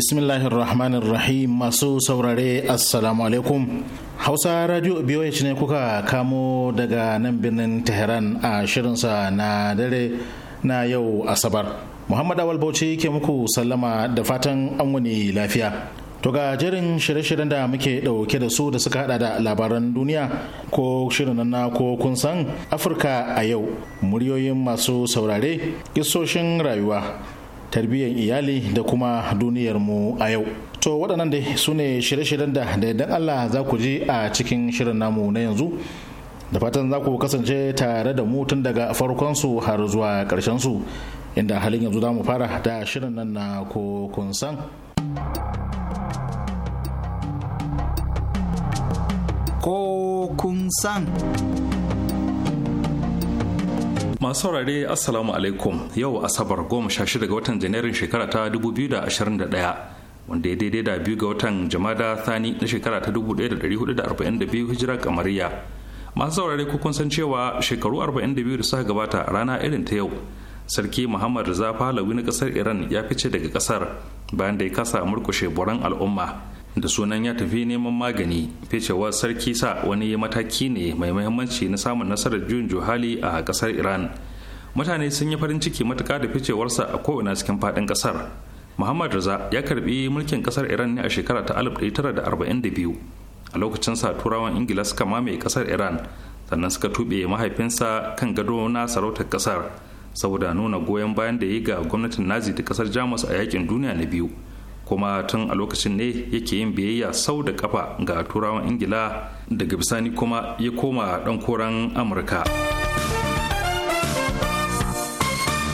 bismillahir masu saurare assalamu alaikum hausa radio biyoyi ne kuka kamo daga nan birnin tehran a shirinsa na dare na yau asabar muhammad awal bauchi ke muku sallama da fatan an wani lafiya to ga jerin shirye-shiryen da muke dauke da su da suka hada da labaran duniya ko shirin na ko kun san afirka a yau muryoyin masu saurare kisoshin rayuwa tarbiyyar iyali da kuma duniyar mu a yau to waɗannan dai su ne shirye-shiryen da da idan allah za ku ji a cikin shirin namu na yanzu da fatan za ku kasance tare da mu tun daga su har zuwa ƙarshen su inda halin yanzu za mu fara da shirin nan na kun san ko kun san masu saurare assalamu alaikum yau asabar goma sha shida ga watan janairun shekara ta 2021 wanda ya daidai da biyu ga watan Jamada thani na shekara ta 1442 hijira kamariya masu saurare ko kun san cewa shekaru 42 da suka gabata rana irin ta yau sarki muhammad Riza Lawi na kasar iran ya fice daga kasar bayan da ya kasa murkushe boran al'umma da sunan ya tafi neman magani ficewar sarki sa wani mataki ne mai muhimmanci na samun nasarar juyin juhali a kasar iran mutane sun yi farin ciki matuka da ficewarsa a kowane cikin fadin kasar muhammad raza ya karbi mulkin kasar iran ne a shekara ta 1942 a lokacin sa turawan ingila suka mamaye kasar iran sannan suka tuɓe mahaifinsa kan gado na sarautar kasar saboda nuna goyon bayan da ya ga gwamnatin nazi da kasar jamus a yakin duniya na biyu kuma tun a lokacin ne yake yin biyayya sau da kafa ga turawan ingila daga bisani kuma ya koma dan koran amurka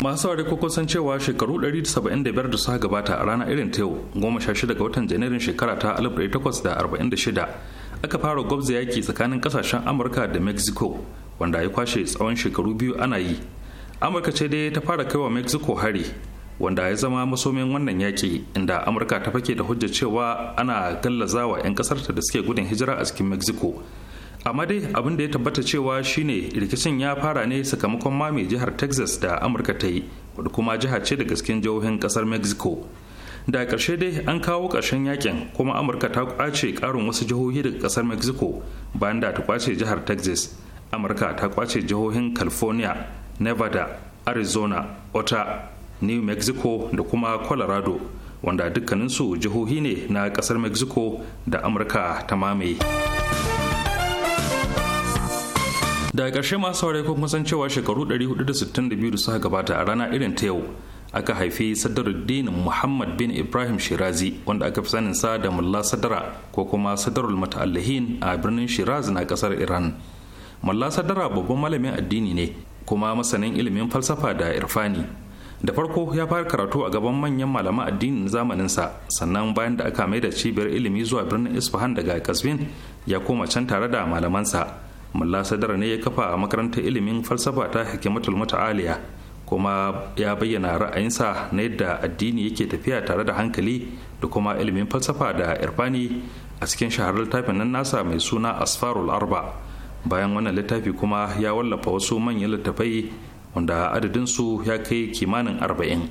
masu saurari ko san cewa shekaru 175 da suka gabata a rana irin ta yau goma 16 ga watan janairun shekara ta 1846 aka fara gwabza yaki tsakanin kasashen amurka da mexico wanda ya kwashe tsawon shekaru biyu ana yi amurka ce dai ta fara kaiwa mexico hari wanda ya zama masomin wannan yaƙi inda amurka ta fake da hujjar cewa ana gallaza wa 'yan ƙasarta da suke gudun hijira a cikin mexico amma dai abin da ya tabbata cewa shine rikicin ya fara ne sakamakon mame jihar texas da amurka ta yi wadda kuma jiha ce daga cikin jihohin kasar mexico da ƙarshe dai an kawo ƙarshen yakin kuma amurka ta kwace ƙarin wasu jihohi daga kasar mexico bayan da ta kwace jihar texas amurka ta kwace jihohin california nevada arizona utah new mexico da kuma colorado wanda dukkaninsu jihohi ne na kasar mexico da amurka ta mamaye Da ƙarshe masu saurari ko kun san cewa shekaru 462 da suka gabata a rana irin ta yau aka haifi sadaruddin muhammad bin ibrahim shirazi wanda aka fi sanin sa da mulla sadara ko kuma sadarul mata'allahin a birnin shiraz na kasar iran mulla sadara babban malamin addini ne kuma masanin ilimin falsafa da irfani da farko ya fara karatu a gaban manyan malaman addinin zamaninsa sannan bayan da aka mai da cibiyar ilimi zuwa birnin isfahan daga kasbin ya koma can tare da malamansa mulla sadar ne ya kafa makarantar ilimin falsafa ta hikimatul muta'aliya kuma ya bayyana ra'ayinsa na yadda addini yake tafiya tare da hankali da kuma ilimin falsafa da irfani a cikin shaharar littafin nan nasa mai suna asfarul arba bayan wannan littafi kuma ya wallafa wasu manyan littafai wanda adadinsu ya kai kimanin arba'in.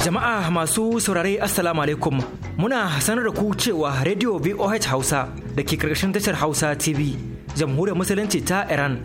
jama'a masu saurare assalamu alaikum muna sanar da ku cewa radio voh hausa da ke karkashin tashar hausa tv jamhuriyar musulunci ta iran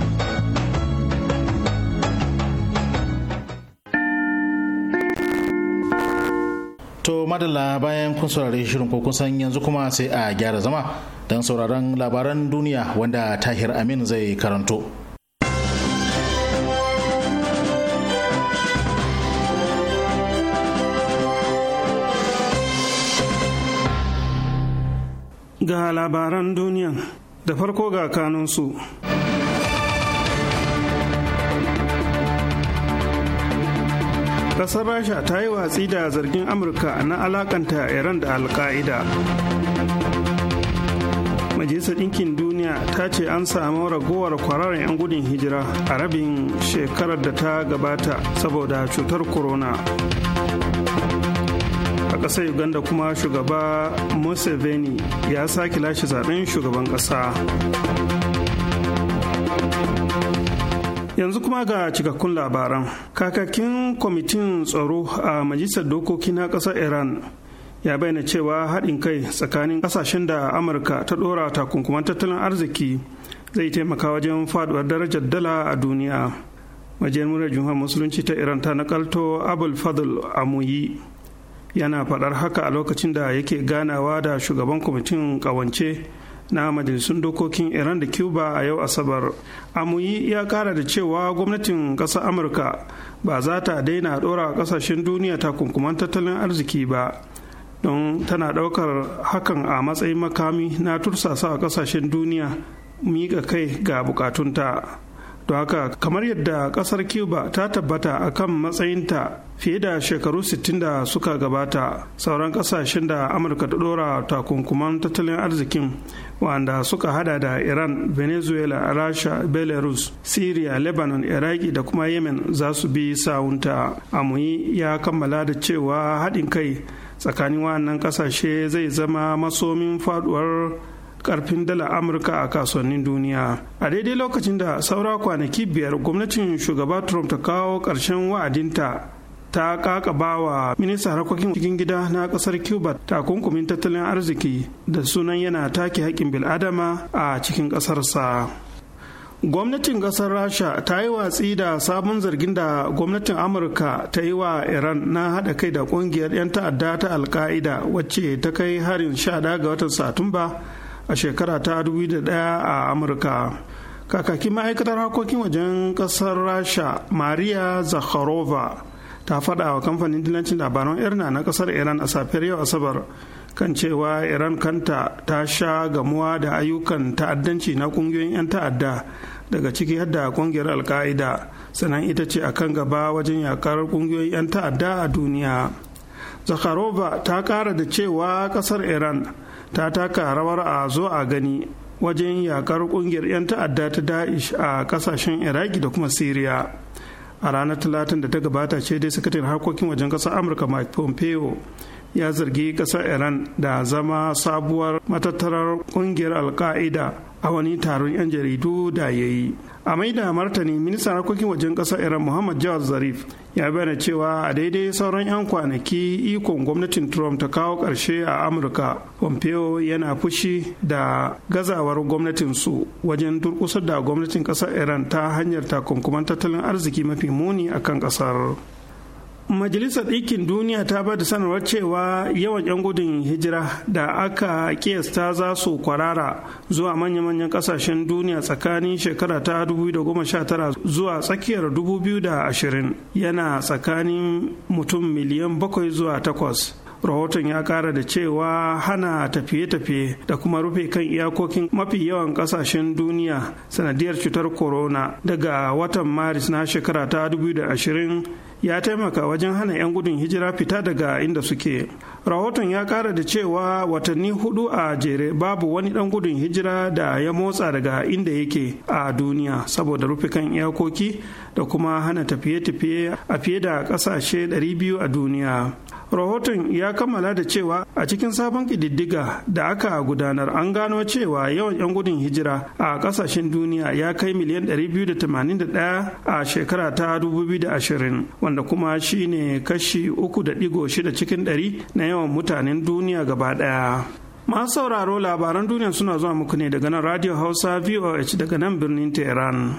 to madalla bayan kun saurari shirin ko kun san yanzu kuma sai a gyara zama don sauraron labaran duniya wanda tahir amin zai karanto ga labaran duniya da farko ga kanunsu. kasar rasha ta yi watsi da zargin amurka na alakanta iran da alka'ida majalisar ɗinkin duniya ta ce an samu ragowar kwararren 'yan gudun hijira a rabin shekarar da ta gabata saboda cutar corona a ƙasar uganda kuma shugaba museveni ya sake lashe zaɓen shugaban ƙasa yanzu kuma ga cikakkun labaran kakakin kwamitin tsaro a majalisar dokoki na ƙasar iran ya bayyana cewa haɗin kai tsakanin ƙasashen da amurka ta ɗora takunkuman tattalin arziki zai taimaka wajen faɗuwar darajar dala a duniya majiyar murar jihar musulunci ta iran ta nakalto abul fadl amuyi yana faɗar haka a lokacin da yake ganawa da shugaban kwamitin ƙawance na majalisun dokokin iran da cuba a yau asabar amuyi ya kara da cewa gwamnatin ƙasar amurka ba za ta daina ɗora ƙasashen duniya takunkuman tattalin arziki ba don tana ɗaukar hakan a matsayin makami na tursasa a ƙasashen duniya miƙa kai ga bukatunta. to haka kamar yadda kasar cuba ta tabbata a kan matsayinta fiye da shekaru 60 da suka gabata sauran kasashen da amurka ta dora takunkuman tattalin arzikin wanda suka hada da iran venezuela rasha belarus syria lebanon iraki da kuma yemen za su bi sawunta amuyi ya kammala da cewa haɗin kai tsakanin wannan kasashe zai zama masomin faduwar karfin dala amurka a kasuwannin duniya a daidai lokacin da saura kwanaki biyar gwamnatin shugaba trump ta kawo ƙarshen wa'adinta ta kakaba wa ministan harkokin cikin gida na kasar cuba takunkumin tattalin arziki da sunan yana take haƙƙin bil'adama a cikin ƙasarsa gwamnatin ƙasar rasha ta yi watsi da sabon zargin da gwamnatin amurka ta yi wa iran na haɗa kai da ƙungiyar 'yan ta'adda ta alka'ida wacce ta kai harin 11 ga watan satumba a shekara ta 2001 a amurka kakakin ma'aikatar harkokin wajen kasar rasha maria zakharova ta faɗawa wa kamfanin dillancin labaran irna na kasar iran a safiyar yau asabar kan cewa iran kanta ta sha gamuwa da ayyukan ta'addanci na kungiyoyin 'yan ta'adda daga ciki hadda kungiyar alka'ida sannan ita ce a kan gaba wajen yakar kungiyoyin 'yan ta'adda a duniya zakharova ta kara da cewa kasar iran ta taka rawar a zo a gani wajen yakar kungiyar 'yan ta'adda ta da'ish a kasashen iraki da kuma syria a ranar talatin da ta gabata ce dai sakataren harkokin wajen kasar amurka mike pompeo ya zargi kasar iran da zama sabuwar matattarar kungiyar alka'ida a wani taron 'yan jaridu da ya yi a mai da martani ministan harkokin wajen ƙasar iran muhammad jawad zarif ya bayyana cewa a daidai sauran 'yan kwanaki ikon gwamnatin trump ta kawo ƙarshe a amurka pompeo yana fushi da gazawar gwamnatinsu wajen durkusar da gwamnatin ƙasar iran ta hanyar takunkuman tattalin arziki mafi muni a kan ƙasar Majalisar Ɗinkin Duniya ta ba da sanarwar cewa yawan 'yan gudun hijira da aka kiyasta za su kwarara zuwa manya-manyan kasashen duniya tsakanin shekara ta 2019 zuwa tsakiyar 2020 yana tsakanin mutum miliyan 7 zuwa 8. rahoton ya kara da cewa hana tafiye-tafiye da kuma rufe kan iyakokin mafi yawan kasashen duniya sanadiyar cutar corona daga watan maris na shekara ta 2020 ya taimaka wajen hana 'yan gudun hijira fita daga inda suke rahoton ya kara da cewa watanni hudu a jere babu wani dan gudun hijira da ya motsa daga inda yake a duniya saboda rufe kan iyakoki da kuma hana tafiye-tafiye a fiye da kasashe 200 a duniya rahoton ya kammala da cewa a cikin sabon ƙididdiga da aka gudanar an gano cewa yawan 'yan gudun hijira a kasashen duniya ya kai miliyan 281 a shekara ta 2020 wanda kuma shine kashi 3.6 cikin 100 na yawan mutanen duniya gaba ɗaya. masu sauraro labaran duniya suna zuwa muku ne daga nan radio hausa voh daga nan birnin tehran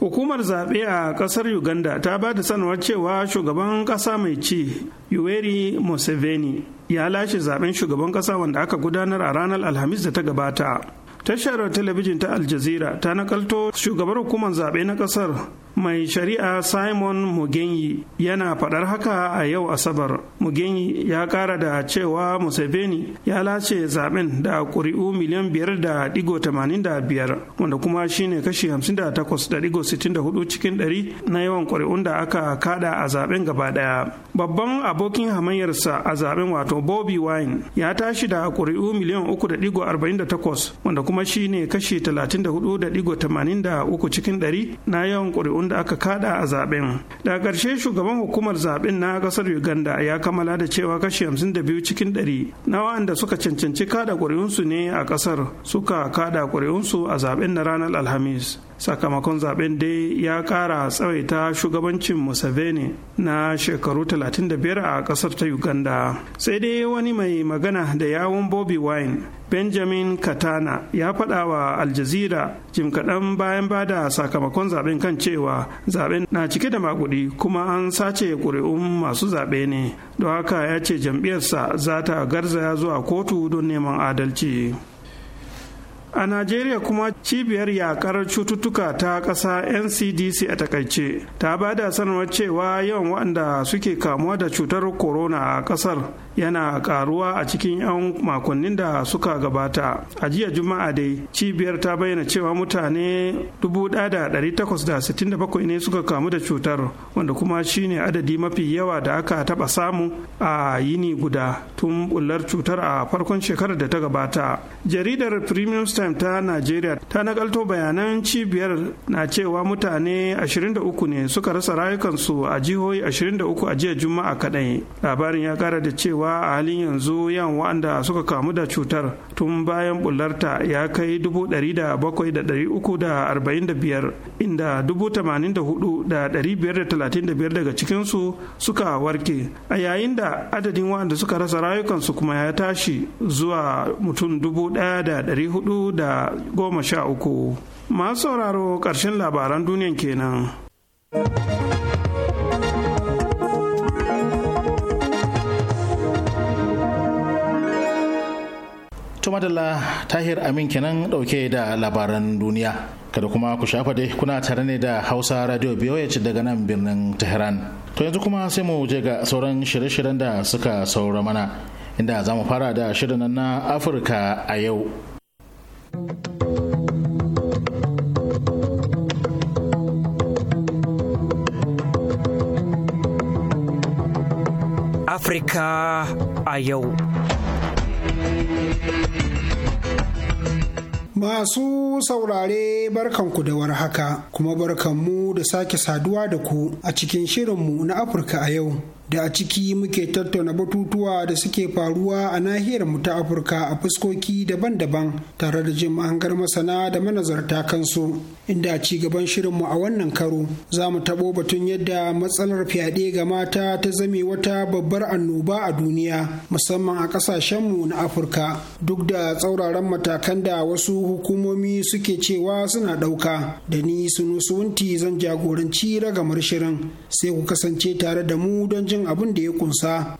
Hukumar zaɓe a ƙasar Uganda ta ba da sanarwar cewa shugaban ƙasa mai ci Yoweri Museveni ya lashe zaɓen shugaban ƙasa wanda aka gudanar a ranar Alhamis da ta gabata. Tashar talabijin ta aljazira ta nakalto shugabar hukumar zaɓe na ƙasar mai shari'a simon mugenyi yana faɗar haka a yau asabar mugenyi ya ƙara da cewa museveni ya lace zaben da ƙuri'u miliyan biyar da digo tamanin da biyar wanda kuma shine kashi hamsin da takwas da digo sittin da hudu cikin ɗari na yawan ƙuri'un da aka kada a zaben gaba ɗaya babban abokin hamayyarsa a zaben wato bobby wine ya tashi da ƙuri'u miliyan uku da digo arba'in da takwas wanda kuma shine kashi talatin da hudu da digo tamanin da uku cikin ɗari na yawan ƙuri'un da aka kada a zaben da ƙarshe shugaban hukumar zaben na ƙasar uganda ya kammala da cewa kashi 52 cikin 100 na wanda suka cancanci kada ƙuri'unsu ne a ƙasar suka kada ƙuri'unsu a zaben na ranar alhamis sakamakon zaben dai ya ƙara tsawaita shugabancin museveni na shekaru talatin da biyar a ƙasar ta uganda sai dai wani mai magana da yawon bobi wine benjamin katana ya faɗa wa aljazira jim kaɗan bayan ba da sakamakon zaɓen kan cewa zaɓen na cike da makudi kuma an sace ƙuri'un masu zaɓe ne don haka ya ce jam'iyyarsa za ta garzaya zuwa kotu don neman adalci a najeriya kuma cibiyar yakar cututtuka ta ƙasa ncdc a takaice ta ba da sanarwar cewa yawan waɗanda suke kamuwa da cutar corona a ƙasar yana karuwa a cikin 'yan makonnin da suka gabata a jiya juma'a dai cibiyar ta bayyana cewa mutane 1867 ne suka kamu da cutar wanda kuma shine adadi mafi yawa da aka taba samu a yini guda tun bullar cutar a farkon shekarar da ta gabata jaridar premium time ta nigeria ta nakalto bayanan cibiyar na cewa mutane 23 ne suka rasa rayukansu a jihohi 23 a jiya juma'a kadai labarin ya kara da cewa cewa a halin yanzu yan wa'anda suka kamu da cutar tun bayan bullarta ya kai 700,345 inda 84,535 daga cikinsu suka warke a yayin da adadin wa'anda suka rasa rayukansu kuma ya tashi zuwa mutum 1,413 masu sauraro ƙarshen labaran duniyan kenan. to madalla tahir amin kenan dauke da labaran duniya kada kuma ku shafa dai kuna tare ne da hausa radio ci daga nan birnin tehran to yanzu kuma sai mu je ga sauran shirye-shiryen da suka saura mana inda za mu fara da shirin na afirka a yau Afirka a yau. Masu saurare barkanku da war haka kuma barkanmu da sake saduwa da ku a cikin shirinmu na Afirka a yau. da a ciki muke tattauna batutuwa da suke faruwa a nahiyar mu ta afirka a fuskoki daban-daban tare da jin mahangar masana da manazarta kansu inda a ci gaban shirinmu a wannan karo za mu taɓo batun yadda matsalar fyaɗe ga mata ta zame wata babbar annoba a duniya musamman a ƙasashenmu na afirka duk da tsauraran matakan da wasu hukumomi suke cewa suna ɗauka da ni sunusunti zan jagoranci ragamar shirin sai ku kasance tare da mu don jin jin abin da ya kunsa.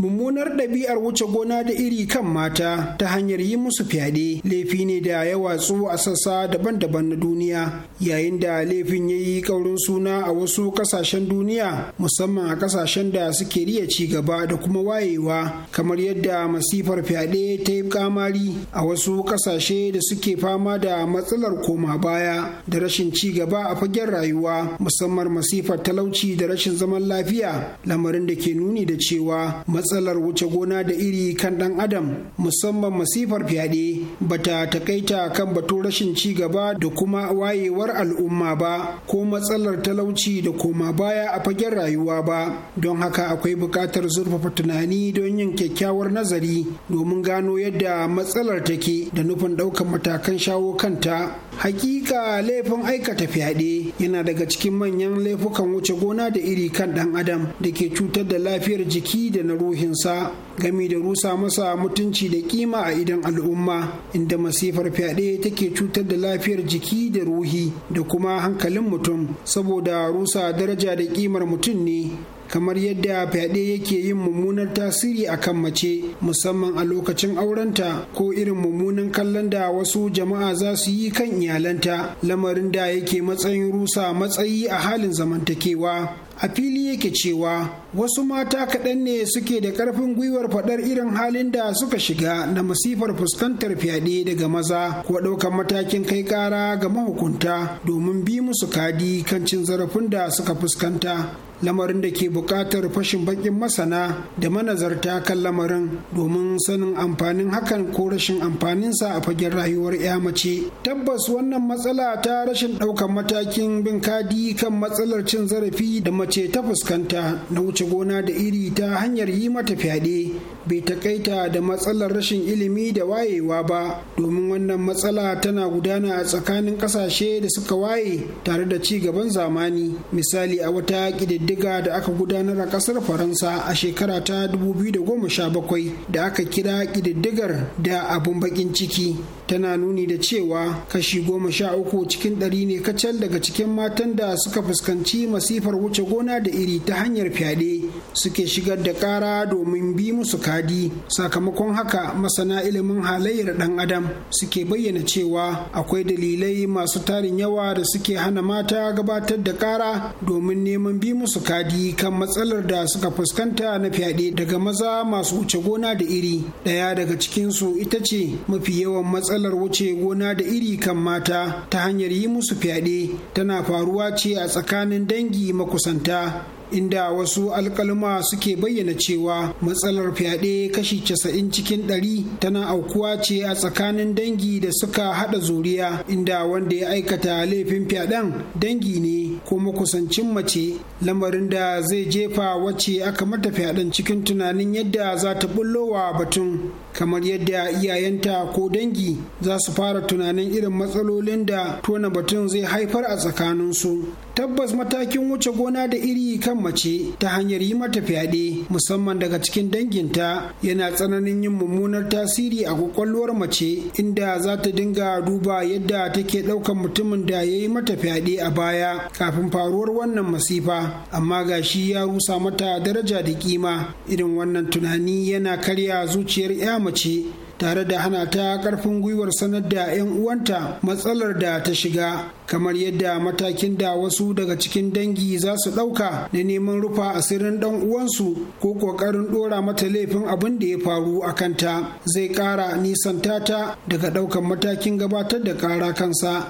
mummunar ɗabi'ar wuce gona da iri kan mata ta hanyar yi musu fyaɗe laifi ne da ya watsu a sassa daban-daban na duniya yayin da laifin ya yi ƙaurin suna a wasu ƙasashen duniya musamman a ƙasashen da suke riya ci gaba da kuma wayewa kamar yadda masifar fyaɗe ta yi kamari a wasu ƙasashe da suke fama da matsalar koma baya da rashin ci gaba a fagen rayuwa musamman masifar talauci da rashin zaman lafiya lamarin da ke nuni da cewa matsalar wuce gona da iri kan ɗan adam musamman masifar fyaɗe ba ta takaita kan batun rashin ci gaba da kuma wayewar al'umma ba ko matsalar talauci da koma baya a fagen rayuwa ba don haka akwai buƙatar zurfafa tunani don yin kyakkyawar nazari domin gano yadda matsalar take da nufin ɗaukar matakan shawo kanta hakika laifin aikata fyaɗe yana daga cikin manyan laifukan wuce gona da iri kan ɗan adam da ke cutar da lafiyar jiki da na ruhinsa gami da rusa masa mutunci da kima a idan al'umma inda masifar fyaɗe take cutar da lafiyar jiki da ruhi da kuma hankalin mutum saboda rusa daraja da kimar mutum ne kamar yadda fyaɗe yake yin mummunar tasiri a kan mace musamman a lokacin aurenta ko irin mummunan kallon da wasu jama'a za su yi kan iyalanta lamarin da yake matsayin rusa matsayi a halin zamantakewa a fili yake cewa wasu mata kaɗan ne suke da ƙarfin gwiwar faɗar irin halin da suka shiga na masifar fuskantar fyaɗe daga maza ko ɗaukar matakin kai ƙara ga mahukunta domin bi musu kadi kan cin zarafin da suka fuskanta lamarin da ke buƙatar fashin baƙin masana da manazarta kan lamarin domin sanin amfanin hakan ko rashin amfaninsa a fagen rayuwar 'ya mace tabbas wannan matsala ta rashin ɗaukar matakin bin kadi kan matsalar cin zarafi da mace ta fuskanta na wuce gona da iri ta hanyar yi mata fyaɗe bai takaita da matsalar rashin ilimi da wayewa ba domin wannan matsala tana gudana a tsakanin ƙasashe da suka waye tare da ci gaban zamani misali a wata ƙididdiga ƙididdiga da aka gudanar a kasar faransa a shekara ta 2017 da aka kira ƙididdigar da abin baƙin ciki tana nuni da cewa kashi goma sha uku cikin ɗari ne kacal daga cikin matan da suka fuskanci masifar wuce gona da iri ta hanyar fyaɗe suke shigar da ƙara domin bi musu kadi sakamakon haka masana ilimin halayyar ɗan adam suke bayyana cewa akwai dalilai masu tarin yawa da suke hana mata gabatar da ƙara domin neman bi musu kadi kan matsalar da suka fuskanta na fyaɗe daga maza masu wuce gona da iri ɗaya daga cikinsu ita ce mafi yawan matsalar matsalar wuce gona da iri kan mata ta hanyar yi musu fyaɗe tana faruwa ce a tsakanin dangi makusanta inda wasu alkaluma suke bayyana cewa matsalar fyaɗe kashi casa'in cikin ɗari tana aukuwa ce a tsakanin dangi da suka haɗa zuriya inda wanda ya aikata laifin fyaɗen dangi ne ko makusancin mace lamarin da zai jefa wacce aka mata fyaɗen cikin tunanin yadda za ta wa batun kamar yadda iyayenta ko dangi za su fara tunanin irin matsalolin da tona batun zai haifar a tsakaninsu tabbas matakin wuce gona da iri kan mace ta hanyar yi mata fyaɗe musamman daga cikin danginta yana tsananin yin mummunar tasiri a kwakwalwar mace inda za ta dinga duba yadda take ɗaukan mutumin da ya yi mata fyaɗe a baya kafin faruwar wannan masifa amma ga shi ya rusa mata daraja da kima irin wannan tunani yana karya zuciyar 'ya mace tare da hana ta karfin gwiwar sanar da 'yan uwanta matsalar da ta shiga kamar yadda matakin da wasu daga cikin dangi za su ɗauka na neman rufa asirin ɗan uwansu ko ƙoƙarin ɗora mata laifin abin da ya faru a kanta zai ƙara nisanta ta daga ɗaukan matakin gabatar da ƙara kansa.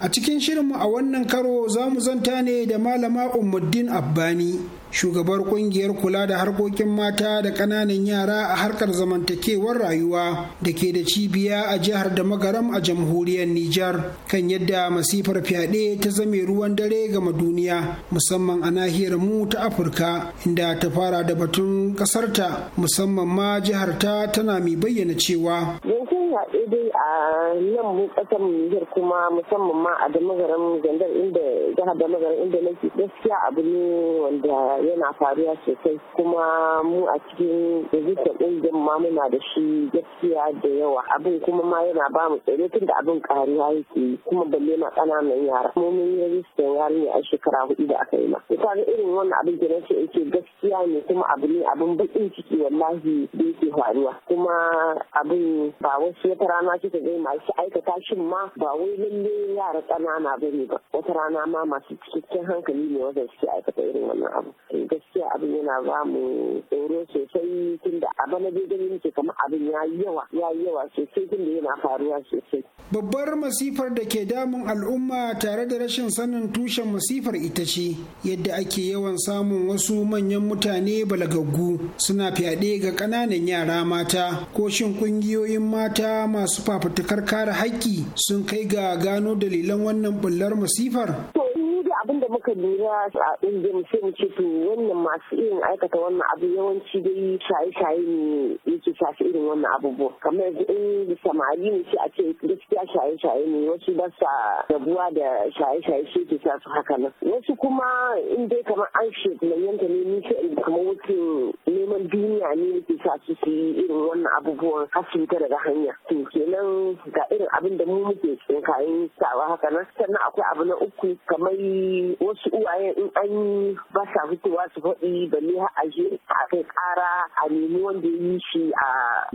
A cikin shirinmu a wannan karo za mu zanta ne da malama Umuddin Abbani shugabar kungiyar kula da harkokin mata da ƙananan yara a harkar zamantakewar rayuwa da ke da cibiya a jihar da magaram a jamhuriyar Nijar kan yadda masifar fyaɗe ta zame ruwan dare gama duniya musamman a nahiyar mu ta Afirka inda ta fara da batun ƙasarta musamman ma jiharta tana mai bayyana cewa. sun dai a nan mu ƙasar Nijar kuma musamman ma a da magaran gandar inda jihar da magaran inda nake gaskiya abu ne wanda yana faruwa sosai kuma mu a cikin rajistar ƙungiyar ma muna da shi gaskiya da yawa abin kuma ma yana ba mu tsoro tun da abin ƙariya yake kuma balle ma ƙananan yara mu mun yi rajistar ne a shekara hudu da aka yi ma. Ita ga irin wannan abin da nace yake gaskiya ne kuma abu ne abin baƙin ciki wallahi da yake faruwa kuma abin ba wasu sai ta rana kika ga masu aikata shin ma ba wai lalle yara ƙanana ba ne ba wata rana ma masu cikakken hankali ne wanda suke aikata irin wannan abu gaskiya abin yana ba mu tsoro sosai tunda a bana dai ganin ke kamar abin ya yi yawa ya yi yawa sosai tunda yana faruwa sosai. babbar masifar da ke damun al'umma tare da rashin sanin tushen masifar ita ce yadda ake yawan samun wasu manyan mutane balagaggu suna fyaɗe ga ƙananan yara mata ko shin ƙungiyoyin mata ta masu fafutukar kare haƙƙi sun kai ga gano dalilan wannan bullar masifar? abin da muka lura a ɗungin sai mu ce to wannan masu irin aikata wannan abu yawanci dai shaye-shaye ne yake sa su irin wannan abubuwa kamar yanzu in samari ne sai a ce gaskiya shaye-shaye ne wasu ba sa rabuwa da shaye-shaye shi ke sa su haka nan wasu kuma in dai kamar an shekulayanta ne ni sai in kamar wasu neman duniya ne yake sa su su yi irin wannan abubuwan har su fita daga hanya to kenan ga irin abin da mu muke tsinkayen sawa haka nan sannan akwai abu na uku kamar wasu uwaye in an yi ba sa fitowa su faɗi da har a je a kai ƙara a nemi wanda ya yi shi a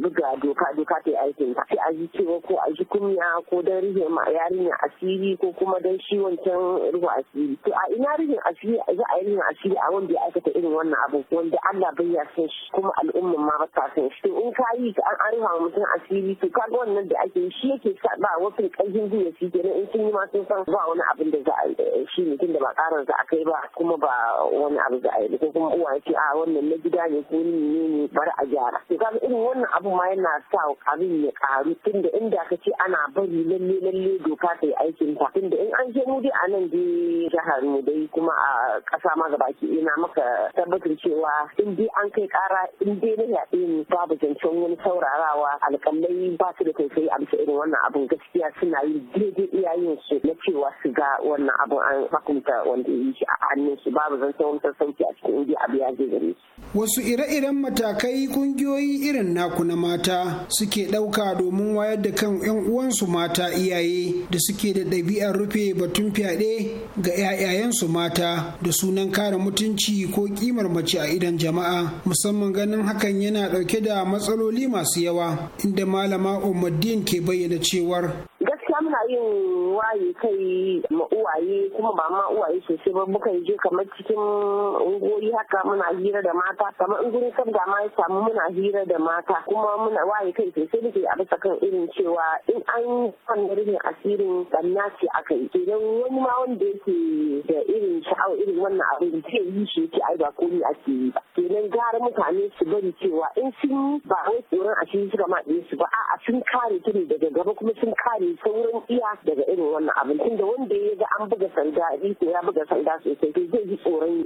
buga doka doka ta aikin sai a ji cewa ko a ji kunya ko dan rihe ma yarinya asiri ko kuma dan shi wancan ruwa asiri to a ina rihe asiri za a yi rihin asiri a wanda ya aikata irin wannan abu wanda Allah bai ya san shi kuma al'umma ma ba ta san shi to in ka yi an arha mutum asiri to kaga wannan da ake shi yake sa ba wasu ƙarfin gwiwa shi kenan in sun yi ma sun san ba wani abin da za a shi ne da ba karar da aka yi ba kuma ba wani abu da ayi ko kuma uwa ce a wannan na gida ne ko ni ne bar a gyara to kaga irin wannan abu ma yana sa abin ya karu tunda inda ka ce ana bari lalle lalle doka ta yi aikin ta tunda in an je mu dai a nan dai jihar mu dai kuma a kasa ma gabaki ina maka tabbatar cewa in dai an kai kara in dai na yaɗe ne babu zancen wani saurarawa alƙalai ba su da tausayi a bisa irin wannan abin gaskiya suna yi daidai iyayen su na cewa su ga wannan abun an hukunta wanda ya yi a hannun su babu zancen wani a cikin indiya abu ya je gare su. wasu ire-iren matakai kungiyoyi irin naku na mata suke ɗauka domin wayar da kan 'yan uwansu mata iyaye da suke da ɗabi'ar rufe batun fyaɗe ga 'ya'yayensu mata da sunan kare mutunci ko kimar mace a idan jama'a musamman ganin hakan yana ɗauke da matsaloli masu yawa inda malama Umar ke bayyana cewar gaskiya muna yin waye kai ma uwaye kuma ba ma uwaye sosai ba muka je kamar cikin ungoyi haka muna hira da mata kamar in gurin sabga ma ya samu muna hira da mata kuma muna waye kai sosai muke a bisa kan irin cewa in an wannan rufin asirin tsanna ce kai yi idan wani ma wanda yake da irin sha'awar irin wannan abin zai yi shi yake ai ba komi ake yi ba kenan gara mutane su bari cewa in sun ba wai tsoron asiri suka ma su ba a'a sun kare ta ne daga gaba kuma sun kare sun saurin iya daga irin wannan abin da wanda ya ga an buga sanda ya buga sanda sosai to zai ji tsoron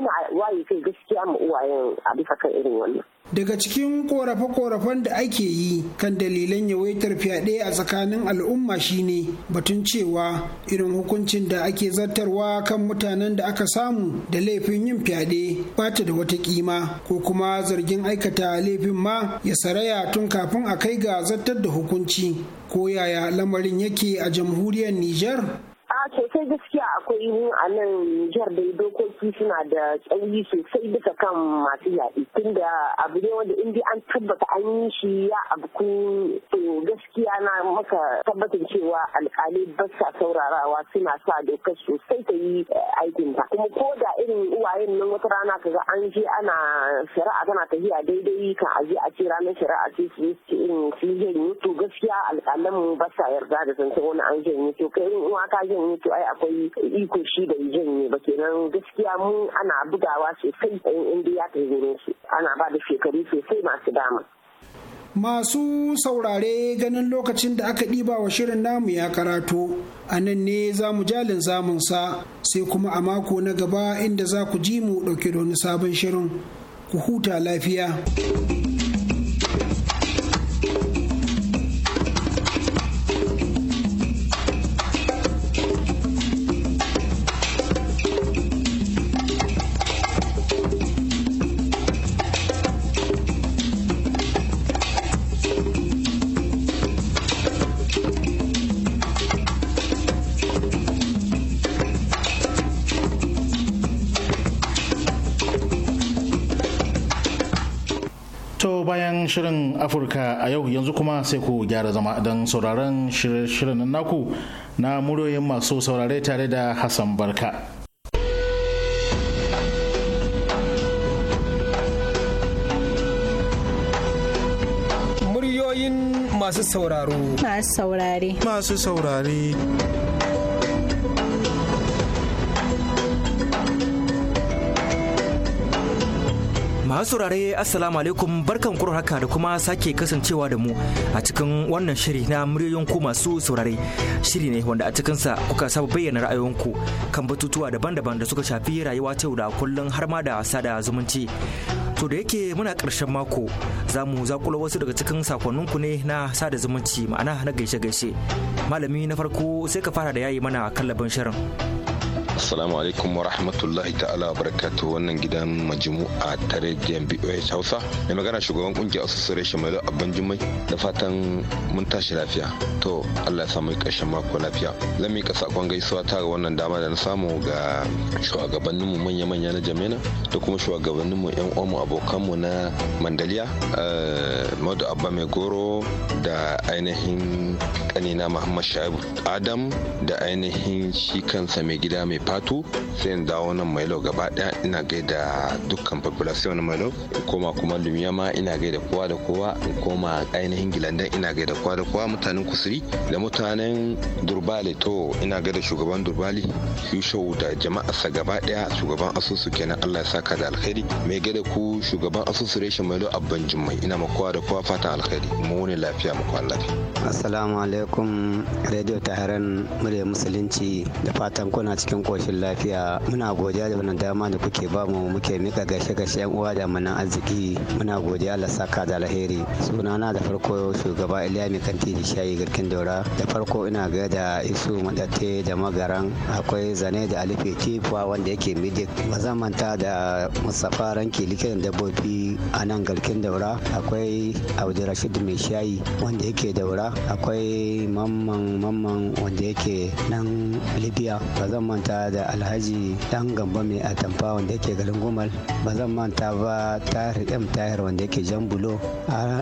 muna waye kai gaskiya mu uwayen a bisa kan irin wannan daga cikin korafe-korafen da ake yi kan dalilan yawaitar fyaɗe a tsakanin al'umma shine batun cewa irin hukuncin da ake zartarwa kan mutanen da aka samu da laifin yin fyaɗe bata da wata kima ko kuma zargin aikata laifin ma ya saraya tun kafin a kai ga zartar da hukunci ko yaya lamarin yake a jamhuriyar Nijar a sai gaskiya akwai mu a nan jihar da dokoki suna da tsauri sosai bisa kan masu yaɗi tunda abu ne wanda in an tabbata an yi shi ya abu kun to gaskiya na maka tabbatar cewa alƙalai ba sa saurarawa suna sa dokar sosai ta yi eh, aikin ta kuma ko da irin uwayen nan wata rana kaga an je ana shari'a tana tafiya daidai kan a je a ce ranar shari'a ce su ce irin su janye to gaskiya alƙalan mu ba sa yarda da zance wani an janye to kai in uwa ka janye to ai akwai iko shi da ne ba kenan gaskiya mu ana bugawa sosai in inda ya ta gurin su ana ba da shekaru sosai masu dama Masu saurare ganin lokacin da aka ɗiba wa shirin namu ya karatu a nan ne za mu jalin zamunsa sai kuma a mako na gaba inda za ku ji mu ɗauke da wani sabon shirin. Ku huta lafiya. shirin Afirka a yau yanzu kuma sai ku gyara zama don sauraron shirin naku na muryoyin masu saurare tare da Hassan Barka. Muryoyin masu sauraro. Masu saurare. Masu saurare. Masu saurare Assalamu alaikum barkan kuro haka da kuma sake kasancewa da mu a cikin wannan shiri na muryoyin ku masu saurare. Shiri ne wanda a cikinsa kuka saba bayyana ra'ayoyinku kan batutuwa daban-daban da suka shafi rayuwa ta da kullum har ma da sada zumunci. To da yake muna ƙarshen mako za mu zakula wasu daga cikin sakonninku ne na sada zumunci ma'ana na gaishe-gaishe. Malami na farko sai ka fara da yayi mana kallabin shirin. Assalamu alaikum wa rahmatullahi ta'ala barakatuh wannan gidan majmu'a ta rediyon BOH Hausa. Mai magana shugaban kungiyar Association Mai Abban Jummai da fatan mun tashi lafiya. To Allah ya samu ƙarshen mako lafiya. Zan miƙa sakon gaisuwa ta ga wannan dama da na samu ga shugabannin mu manya-manya na Jamena da kuma shugabannin mu ƴan uwanmu abokan mu na Mandaliya, eh, Madu Abba Mai Goro da ainihin kanina Muhammad Shaibu Adam da ainihin shi kansa mai gida mai fatu sai in dawo nan mailo gaba daya ina gaida dukkan population na mailo in koma kuma lumiya ma ina gaida kowa da kowa in koma ainihin gilandan ina gaida kowa da kowa mutanen kusuri da mutanen durbali to ina gaida shugaban durbali yushau da sa gaba daya shugaban asusu kenan allah ya saka da alkhairi mai gaida ku shugaban asusu reshen mailo abban jummai ina ma kowa da kowa fatan alkhairi mu ne lafiya mu kwa lafiya assalamu alaikum radio taharan murya musulunci da fatan kuna cikin ko koshin lafiya muna godiya da wannan dama da kuke ba mu muke mika gashe gashe yan uwa da manan arziki muna godiya Allah saka da alheri sunana da farko shugaba Iliya mai kanti da shayi garkin daura da farko ina ga da isu madatte da magaran akwai zane da alife tifa wanda yake midik mazamanta da Mustapha Ranki likitan dabbobi a nan garkin daura akwai rashid mai shayi wanda yake daura akwai mamman mamman wanda yake nan Libya ba zan manta da alhaji dan gamba mai atamfa wanda yake garin gumal ba zan manta ba tayar m tayar wanda yake jan bulo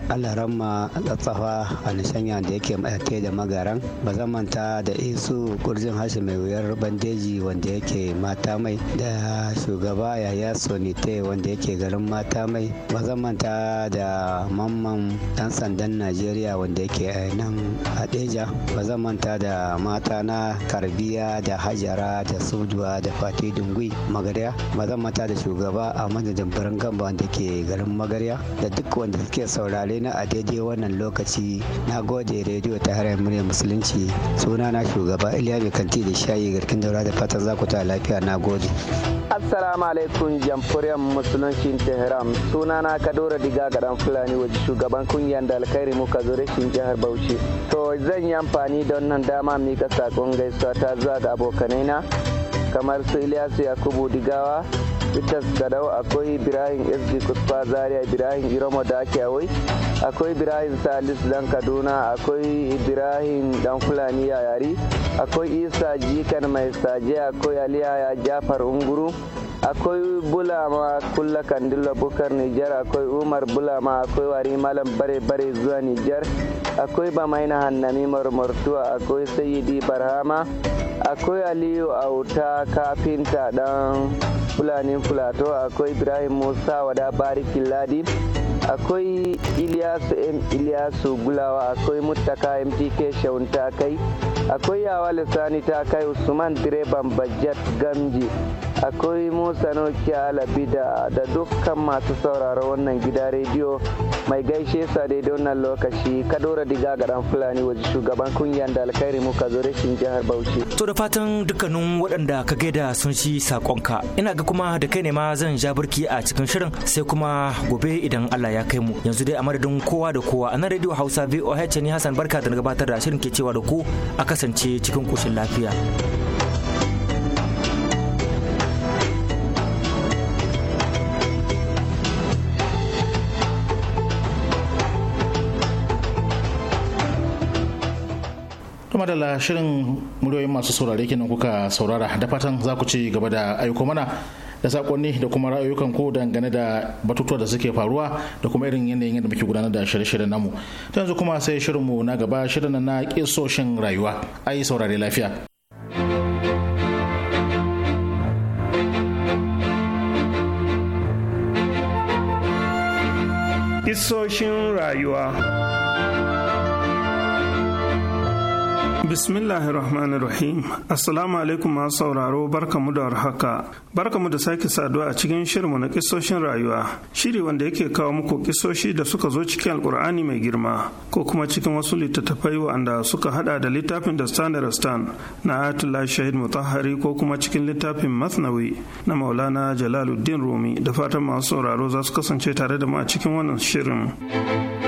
alaramma tsatsafa a nishanya da yake mayake da magaran ba zan manta da isu kurjin hashi mai wuyar bandeji wanda yake mata mai da shugaba yaya sonite wanda yake garin mata mai ba zan manta da mamman dan sandan najeriya wanda yake nan deja ba zan manta da mata na karbiya da hajara da su sojuwa da fati dungui magarya mazan mata da shugaba a madadin birnin gamba da ke garin magarya da duk wanda suke saurare na a daidai wannan lokaci na gode rediyo ta harar murya musulunci suna na shugaba iliya mai kanti da shayi garkin daura da fatan za ta lafiya na gode assalamu alaikum jamfuriyar musulunci tehran suna na kadora diga dan fulani waje shugaban kungiyar da alkhairi muka zo rashin jihar bauchi to zan yi amfani da wannan dama mika sakon gaisuwa ta zuwa ga abokanai na kamar su Ilyasu Yakubu Digawa, Bitas Gadau akwai Ibrahim SD Kusfa Zaria Ibrahim Iromo awai akwai Ibrahim Salis Dan Kaduna, akwai Ibrahim Dan Fulani Yayari, akwai Isa Jikan Mai Saje, akwai Aliya Jafar Unguru, akwai bulama kulla kandila bukar nijar akwai umar bulama akwai wari malam bare bare zuwa nijar akwai bamaina hannami marmartuwa akwai sayidi barhama akwai aliyu auta kafinta dan fulanin fulato akwai ibrahim musa wada bariki ladi akwai iliyasu m iliyasu gulawa akwai mutaka mtk shaun ta kai akwai yawa lissani ta kai usman direban bajet gamji akwai musa Nokia labida da dukkan masu sauraro wannan gida rediyo mai gaishe sa daidai wannan lokaci ka dora diga ga dan fulani waje shugaban kungiyar da alkhairi muka zo rashin jihar bauchi to da fatan dukkanin waɗanda ka gaida sun ci sakonka ina ga kuma da kai ne ma zan ja burki a cikin shirin sai kuma gobe idan Allah ya kai mu yanzu dai a madadin kowa da kowa a nan rediyo hausa voh ni hasan barka da gabatar da shirin ke cewa da ku a kasance cikin koshin lafiya. kuma da shirin muryoyin masu saurare kenan kuka saurara da fatan za ku ci gaba da aiko mana da sakonni da kuma ra'ayoyin ku dangane da batutuwa da suke faruwa da kuma irin yanayin yadda muke gudanar da shirye-shiryen namu ta yanzu kuma sai shirinmu na gaba shirin na kisoshin rayuwa ai saurare lafiya Isoshin rayuwa Bismillahirrahmanirrahim. Assalamu alaikum masu sauraro barkamu da warhaka. Barkamu da sake saduwa a cikin shirinmu na kisoshin rayuwa. Shiri wanda yake kawo muku kisoshi da suka zo cikin Alkur'ani mai girma ko kuma cikin wasu littattafai wanda suka hada da littafin da Standard Stan na Atullah Shahid Mutahari ko kuma cikin littafin Masnawi na Maulana Jalaluddin Rumi da fatan masu sauraro za su kasance tare da mu a cikin wannan shirin.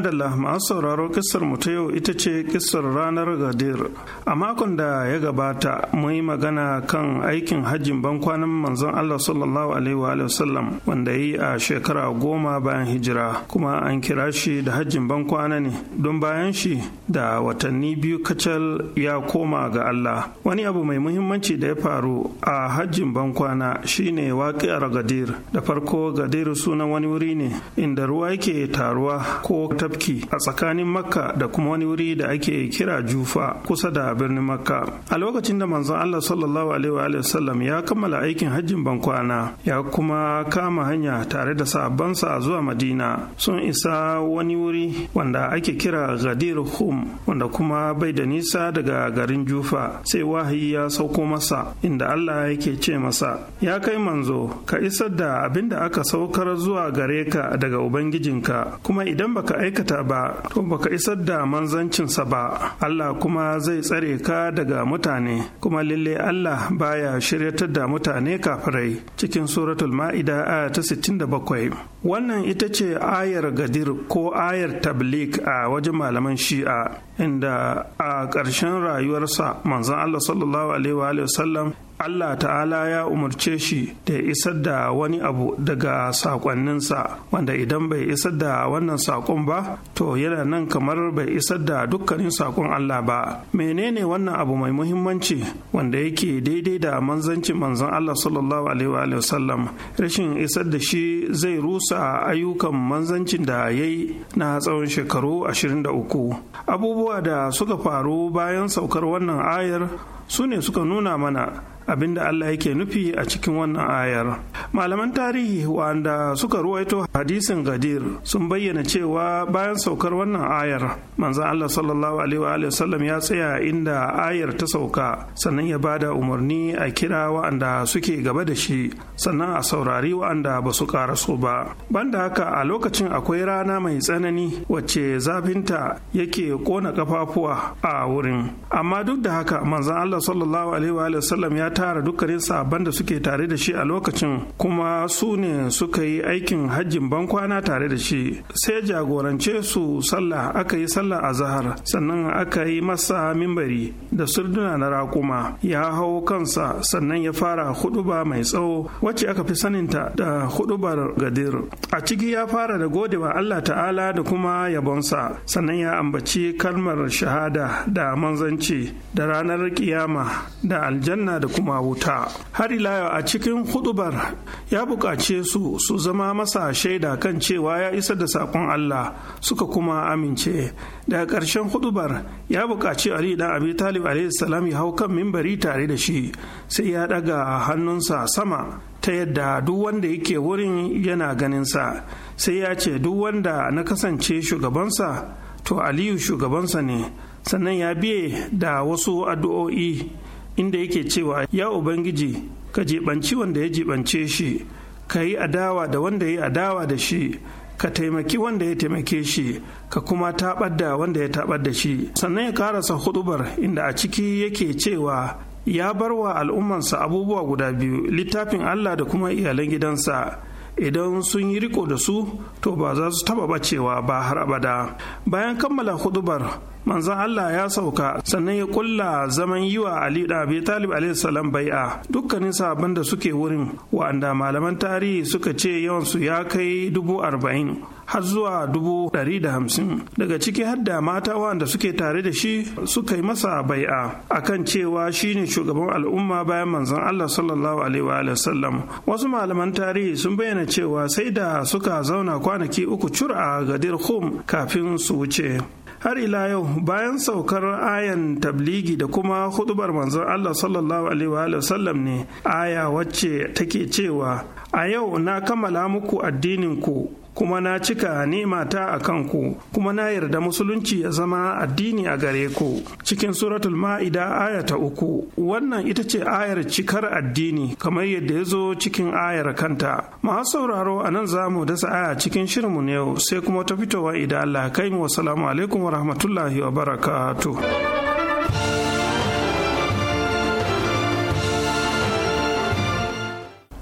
madalla masu sauraro kisar mu ta yau ita ce kisar ranar gadir a makon da ya gabata mun yi magana kan aikin hajjin bankwanan manzon Allah sallallahu alaihi wa sallam wanda yi a shekara goma bayan hijira kuma an kira shi da hajjin bankwana ne don bayan shi da watanni biyu kacal ya koma ga Allah wani abu mai muhimmanci da ya faru a hajjin bankwana shine waƙiyar gadir da farko gadir sunan wani wuri ne inda ruwa yake taruwa ko ta tafki a tsakanin makka da kuma wani wuri da ake kira jufa kusa da birnin makka a lokacin da manzon allah sallallahu alaihi wa sallam ya kammala aikin hajjin bankwana ya kuma kama hanya tare da sabansa zuwa madina sun isa wani wuri wanda ake kira gadir hum wanda kuma bai da nisa daga garin jufa sai wahayi ya sauko masa inda allah yake ce masa ya kai manzo ka isar da abin da aka saukar zuwa gare ka daga ubangijinka kuma idan baka aika aikata ba to baka isar da manzancinsa ba Allah kuma zai tsare ka daga mutane kuma lalle Allah baya shiryatar da mutane kafirai cikin suratul ma'ida aya ta 67 wannan ita ce ayar gadir ko ayar tablik a wajen malaman shi'a inda a ƙarshen rayuwarsa manzon Allah sallallahu alaihi wasallam Allah ta'ala ya umarce shi da ya isar da wani abu daga sakonninsa wanda idan bai isar da wannan sakon ba to yana nan kamar bai isar da dukkanin sakon Allah ba menene wannan abu mai muhimmanci wanda yake daidai da manzanci, manzon Allah sallallahu alaihi wa sallam rashin isar da shi zai rusa ayyukan manzancin da ya yi na tsawon shekaru 23 abubuwa abubuwa da suka faru bayan saukar wannan ayar su ne suka nuna mana abinda Allah yake nufi a cikin wannan ayar. Malaman tarihi wanda suka ruwaito hadisin Gadir sun bayyana cewa bayan saukar wannan ayar manzan Allah sallallahu alaihi wa sallam ya tsaya inda ayar ta sauka sannan ya bada umarni a kira wa'anda suke gaba da shi sannan a saurari wa'anda ba su karaso ba. Banda haka a lokacin akwai rana mai tsanani wacce zafinta yake kona kafafuwa a wurin. Amma duk da haka manzan Allah sallallahu alaihi wa sallam ya tara dukkanin sahabban da suke tare da shi a lokacin kuma su ne suka yi aikin hajjin bankwana tare da shi sai jagorance su sallah aka yi sallah a zahar sannan aka yi masa mimbari da surduna na raƙuma ya hau kansa sannan ya fara huduba mai tsawo wacce aka fi saninta da hudubar gadir a ciki ya fara da godewa Allah ta'ala da kuma yabonsa sannan ya ambaci kalmar shahada da manzanci da ranar kiyama da aljanna da kuma kuma wuta har ila a cikin hudubar ya buƙace su su zama masa shaida kan cewa ya isa da saƙon Allah suka kuma amince daga ƙarshen hudubar ya buƙaci Ali dan Abi Talib alaihi salam ya hau kan mimbari tare da shi sai ya ɗaga hannunsa sama ta yadda duk wanda yake wurin yana ganinsa sai ya ce duk wanda na kasance shugabansa to aliyu shugabansa ne sannan ya biye da wasu addu'o'i inda yake cewa ya ubangiji ka jibanci wanda ya jibance shi ka yi adawa da wanda ya adawa da shi ka taimaki wanda ya taimake shi ka kuma taɓar da wanda ya taɓar da shi sannan ya karasa hudubar inda a ciki yake cewa ya bar wa al'ummansa abubuwa guda biyu littafin allah da kuma iyalan gidansa idan sun yi riko da su to ba za su taba bacewa ba har abada bayan kammala hudubar manzon Allah ya sauka sannan ya kulla zaman yi wa Ali da Abi Talib salam bai'a dukkanin sabon da suke wurin wa'anda malaman tarihi suka ce yawan su ya kai dubu arba'in har zuwa dubu ɗari da hamsin daga ciki har da mata wa'anda suke tare da shi suka yi masa bai'a akan cewa shine shugaban al'umma bayan manzon Allah sallallahu alaihi wa wasu malaman tarihi sun bayyana cewa sai da suka zauna kwanaki uku cur a gadir Khum kafin su wuce har ila yau bayan saukar ayan tabligi da kuma hudubar manzon Allah sallallahu alaihi wa sallam ne aya wacce take cewa a yau na kammala muku addinin ku kuma na cika ni'imata a kanku kuma na yarda musulunci ya zama addini a gare ku cikin suratul ma'ida aya ta uku wannan ita ce ayar cikar addini kamar yadda ya zo cikin ayar kanta masu sauraro a nan za mu dasa aya cikin shirinmu na yau sai kuma ta fitowa idan Allah kai mu wasalamu alaikum wa rahmatullahi wa barakatu.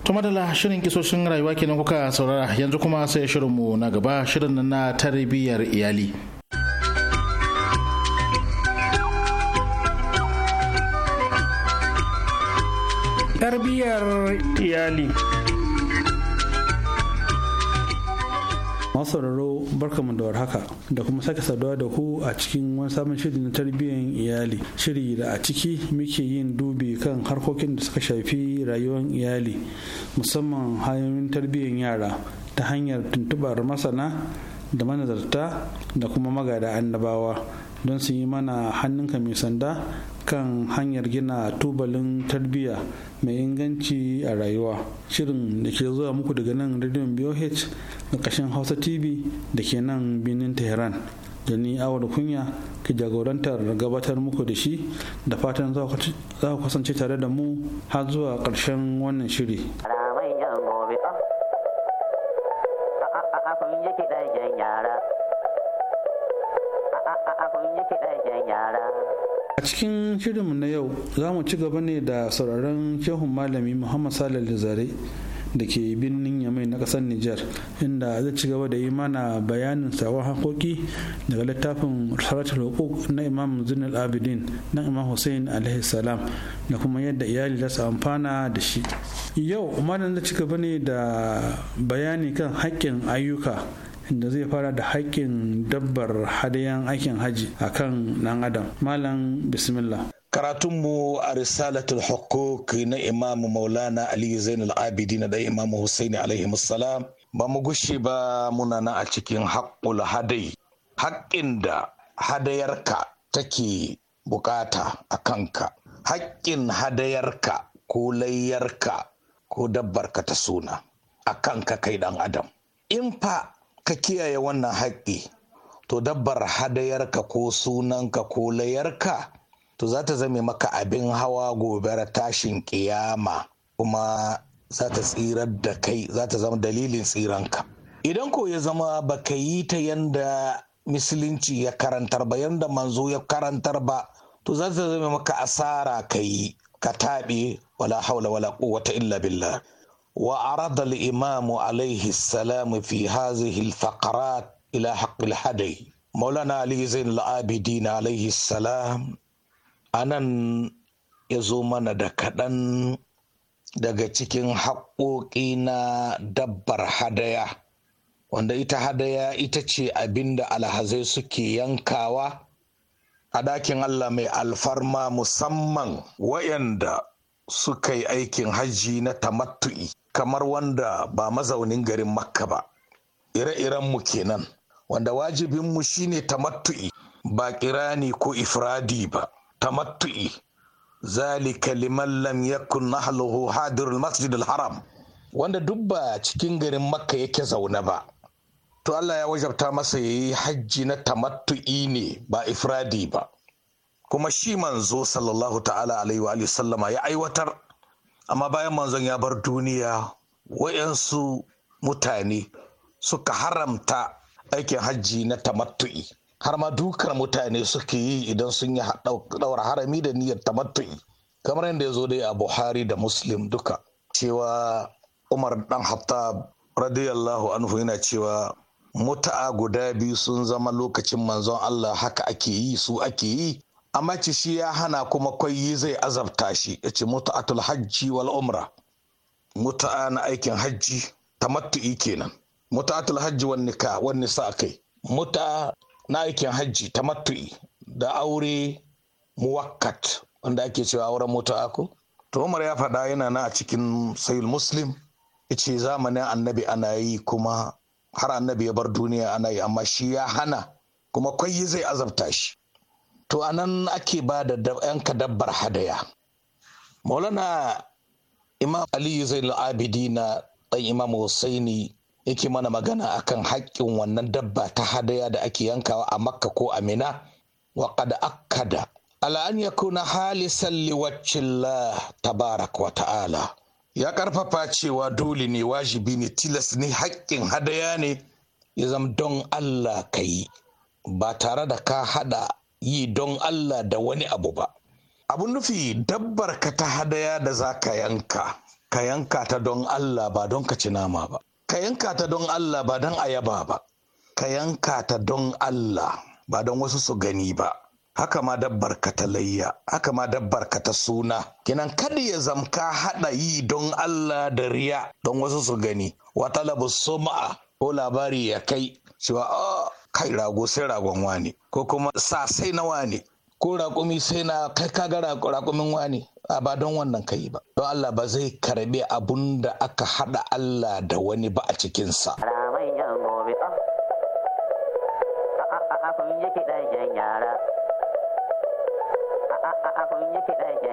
to madala shirin kisoshin rayuwa kenan kuka saurara yanzu kuma sai shirinmu na gaba shirin na tarbiyyar iyali tarbiyyar iyali masauraro barkamu da warhaka da kuma sake saduwa da ku a cikin wani sabon shiri na tarbiyyar iyali shiri da a ciki muke yin dubi kan harkokin da suka shafi rayuwar iyali musamman hanyoyin tarbiyyar yara ta hanyar tuntubar masana da manazarta da kuma magada annabawa don su yi mana hannunka mai sanda kan hanyar gina tubalin tarbiyya mai inganci a rayuwa shirin da ke zuwa muku daga nan rediyon BOH kashin hausa tv da ke nan birnin tehran da ni awar kunya ke jagorantar gabatar muku da shi da fatan za ku kasance tare da mu har zuwa ƙarshen wannan shiri a cikin shirinmu na yau za mu ci gaba ne da sauraron shehun malami muhammad salal da zare da ke birnin yamai na kasar Nijar inda zai ci gaba da yi mana bayanin sawan hakoki daga littafin saratul hukuk na imam zunil abidin na imam hussein alaihi da kuma yadda iyali za su amfana da shi yau malam zai ci gaba ne da bayani kan haƙƙin ayyuka inda zai fara da haƙƙin dabbar hadayan aikin haji akan ɗan adam malam bismillah karatunmu a risalatul hukuk na imamu maulana aliyu zainul abidi na da imamu husaini alaihi salam ba mu gushi ba muna na a cikin haƙƙul hadai haƙƙin da hadayarka take bukata a kanka haƙƙin hadayarka ko layyarka ko dabbarka ta suna a kanka kai ɗan adam in fa ka kiyaye wannan haƙƙi to dabbar hadayarka ko sunanka ko layarka to za ta zame maka abin hawa gobara tashin kiyama kuma za ta tsirar da kai za ta zama dalilin tsiranka idan ko ya zama ba ka yi ta yanda musulunci ya karantar ba yanda manzo ya karantar ba to za ta zame maka asara ka yi ka taɓe wala haula wala quwwata illa billah وعرض الإمام عليه السلام في هذه الفقرات إلى حق الحدي مولانا علي زين العابدين عليه السلام anan nan ya zo mana da kaɗan daga cikin haƙoƙi na dabbar hadaya wanda ita hadaya ita ce abin da alhazai suke yankawa a dakin Allah mai alfarma musamman wayanda suka yi aikin hajji na tamattu'i kamar wanda ba mazaunin garin makka ba ire-irenmu kenan wanda wajibinmu shine tamattu'i ba kirani ko ifradi ba tamattu'i zalika liman lam yakun nahluhu hadirul masjidil haram wanda duk ba cikin garin makka yake zaune ba to Allah ya wajabta masa yayi hajji na tamattu'i ne ba ifradi ba kuma shi manzo sallallahu ta'ala alaihi wa sallama ya aiwatar amma bayan manzon ya bar duniya wayansu mutane suka haramta aikin hajji na tamattu'i har ma dukar mutane suke yi idan sun yi daura harami da niyyar tamattu'i kamar yadda ya zo dai a buhari da muslim duka cewa umar dan hattab radiyallahu anhu yana cewa muta'a guda biyu sun zama lokacin manzon allah haka ake yi su ake yi amma ci shi ya hana kuma kwayi zai azabta shi ya ce muta'atul hajji wal umra muta'a na aikin hajji tamattu'i kenan muta'atul hajji wan nika wan kai muta na aikin hajji ta matu'i da aure muwakkat wanda ake cewa auren mota ko to umar ya faɗa yana na a cikin sayul muslim ce zamanin annabi ana yi kuma har annabi ya bar duniya ana yi amma shi ya hana kuma kwayi zai azabta shi to anan ake ba da yanka dabbar hadaya maulana imam aliyu zai la'abidi na ɗan imam Hussaini. yake mana magana akan haƙƙin wannan dabba ta hadaya da ake yankawa a makka ko a mina wa qad akkada ala an yakuna halisan liwaccillah tabarak wa ta'ala ya karfafa cewa dole ne wajibi ne tilas ne haƙƙin hadaya ne ya zama don Allah ka yi ba tare da ka hada yi don Allah da wani abu ba Abu nufi dabbar ka ta hadaya da za ka yanka ka yanka ta don Allah ba don ka ci nama ba ka yanka ta don Allah ba don ayaba ba ka yanka ta don Allah ba don wasu su gani ba haka ma dabbar ka ta layya haka ma dabbar ka ta suna kinan kada ya zamka haɗa yi don Allah da riya don wasu su gani wa labu suma'a ko labari ya kai cewa ah, kai rago sai ragon wani ko kuma sa sai na wani ko raƙumi sai na kai ka ga raƙumin wani a ba don wannan kai ba don Allah ba zai karbi abun da aka hada Allah da wani ba a cikinsa. yake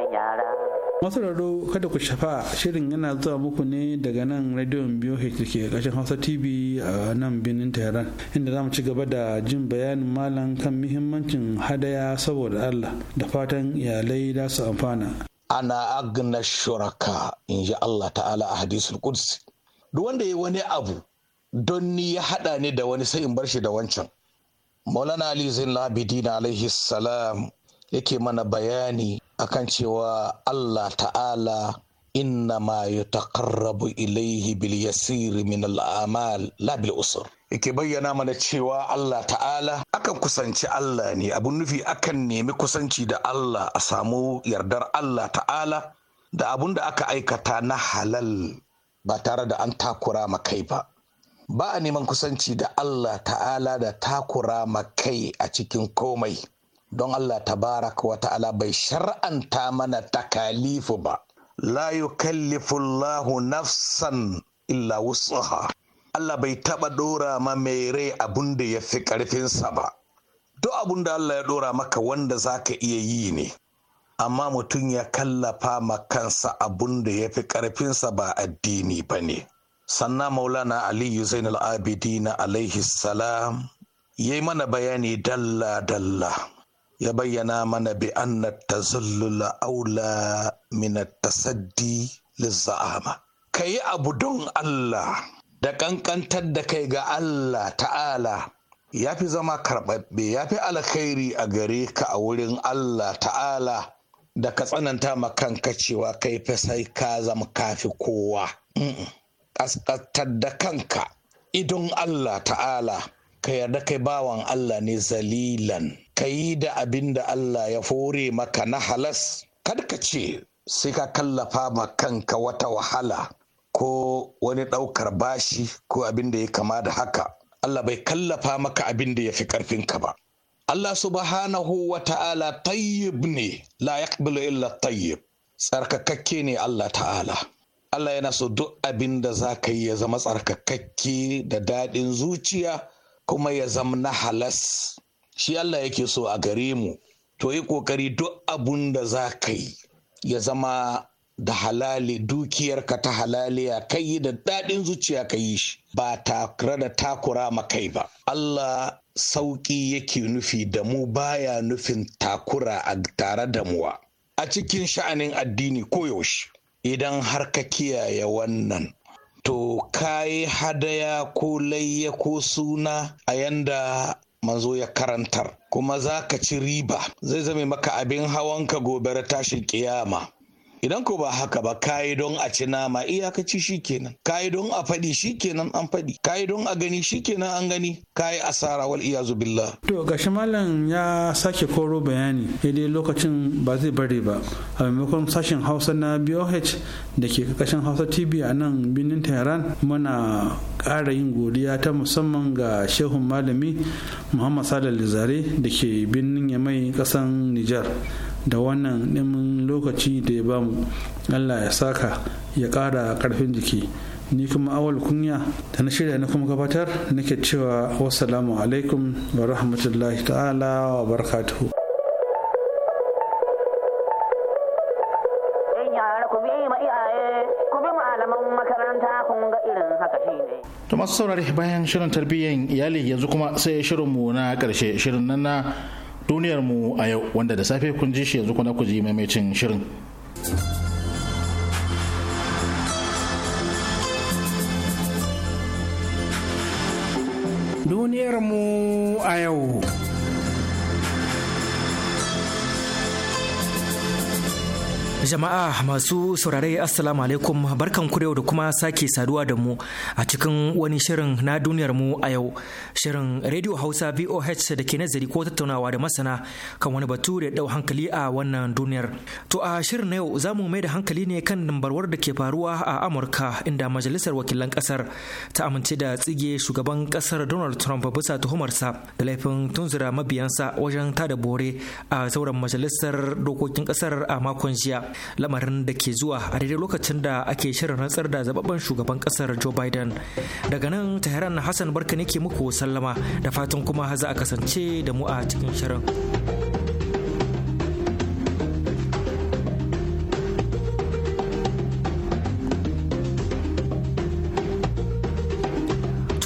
masu raro kada ku shafa shirin yana zuwa muku ne daga nan radiyon biyu ke kashin hausa tv a nan birnin tehran inda za mu ci gaba da jin bayanin malam kan muhimmancin hadaya saboda allah da fatan iyalai za su amfana ana agna shuraka in ji allah ta'ala a hadisul quds duk wanda ya wani abu don ni ya haɗa ne da wani sai in bar shi da wancan maulana ali zain labidin alaihi salam yake mana bayani akan cewa Allah ta'ala inna ma takarrabu ilaihi bil yasiri min al’amal la bil usur. yake bayyana mana cewa Allah ta'ala akan kusanci Allah ne abun nufi akan nemi kusanci da Allah a samu yardar Allah ta'ala da abun da aka aikata na halal ba tare da an takura ma kai ba ba a neman kusanci da Allah ta'ala da takura ma kai a cikin komai don Allah ta tabarak wa ta'ala bai shar'anta mana takalifu ba la yukallifu Allahu nafsan illa wus'aha Allah bai taba dora ma mai rai abun da ya fi karfinsa ba duk abun da Allah ya dora maka wanda za ka iya yi ne amma mutum ya kallafa ma kansa abun da ya fi karfinsa ba addini ba ne sannan maulana aliyu zainal abidina alaihi salam ya yi mana bayani dalla-dalla ya bayyana mana bi anna tazallul aula min tasaddi lizza'ama kayi abu don Allah da kankantar da kai ga Allah ta'ala ya fi zama karɓaɓɓe ya fi alkhairi a gare ka a wurin Allah ta'ala da ka tsananta ma kanka cewa kai fa sai ka zama kafi kowa ƙasƙantar da kanka idon Allah ta'ala ka yarda kai bawan Allah ne zalilan ka yi da abin da Allah ya fore maka na halas Kar ka ce sai ka kallafa ma kanka wata wahala ko wani ɗaukar bashi ko abin da ya kama da haka Allah bai kallafa maka abin da ya fi ƙarfinka ba Allah subhanahu wa ta'ala tayyib ne la yaqbalu illa tayyib tsarkakakke ne Allah ta'ala Allah yana so duk abin da za ka yi ya zama tsarkakakke da daɗin zuciya kuma ya zama na halas shi Allah yake so a gare mu to yi kokari duk abun da za ka yi ya zama da halali dukiyarka ta halaliya kai yi da daɗin zuciya ka yi shi ba tare da takura ma kai ba Allah sauƙi yake nufi da mu baya nufin takura a tare da muwa a cikin sha'anin addini koyaushe idan har ka kiyaye wannan to kayi hadaya ko layya ko suna a yanda manzo ya karantar kuma za ka ci riba zai zame maka abin hawanka gobe tashin kiyama idan ko ba haka ba kayi don a ci nama iyakaci shikenan kayi don a faɗi shikenan an faɗi kayi don a gani shikenan an gani kayi asara wal iyazu billah to gashi mallam ya sake koro bayani dai lokacin ba zai bari ba a maimakon sashen hausa na boh da ke kashin hausa tv a nan birnin tehran muna ƙara yin godiya ta musamman ga Shehu malami muhammad salal zare da ke birnin yamai ƙasan nijar da wannan neman lokaci da ya bamu allah ya saka ya ƙara karfin jiki ni kuma awal kunya da na shirya na kuma gabatar nake cewa wasalamu alaikum wa rahmatullahi ta'ala wa barakatuhu to masu saurari bayan shirin tarbiyyar iyali yanzu kuma sai shirinmu na karshe shirin nan na duniyarmu a yau wanda da safe kun ji shi yanzu kuna ku ji maimacin shirin. Duniyarmu a yau. Jama'a masu saurare Assalamu alaikum barkan ku da kuma sake saduwa da mu a cikin wani shirin na duniyar mu a yau. Shirin Radio Hausa VOH da ke nazari ko tattaunawa da masana kan wani batu da dau hankali a wannan duniyar. To a shirin na yau za mu mai da hankali ne kan nambarwar da ke faruwa a Amurka inda Majalisar Wakilan Kasar ta amince da tsige shugaban kasar Donald Trump bisa tuhumarsa da laifin tunzura mabiyansa wajen tada bore a sauran Majalisar Dokokin Kasar a makon jiya. lamarin da ke zuwa a daidai lokacin da ake shirin rantsar da zababben shugaban kasar Joe Biden. Daga nan Tehran Hassan Barka ne ke muku sallama da fatan kuma za a kasance da mu a cikin shirin.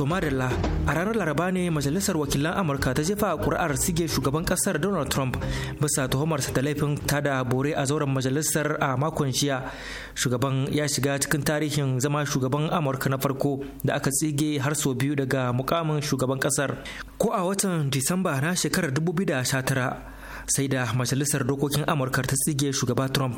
madalla a ranar laraba ne majalisar wakilan amurka ta jefa kuri'ar sige shugaban kasar donald trump bisa tuhumarsa da laifin tada bore a zauren majalisar a makon jiya shugaban ya shiga cikin tarihin zama shugaban amurka na farko da aka tsige har sau biyu daga mukamin shugaban kasar ko a watan disamba na shekarar 2019 sai da majalisar dokokin amurka ta tsige shugaba trump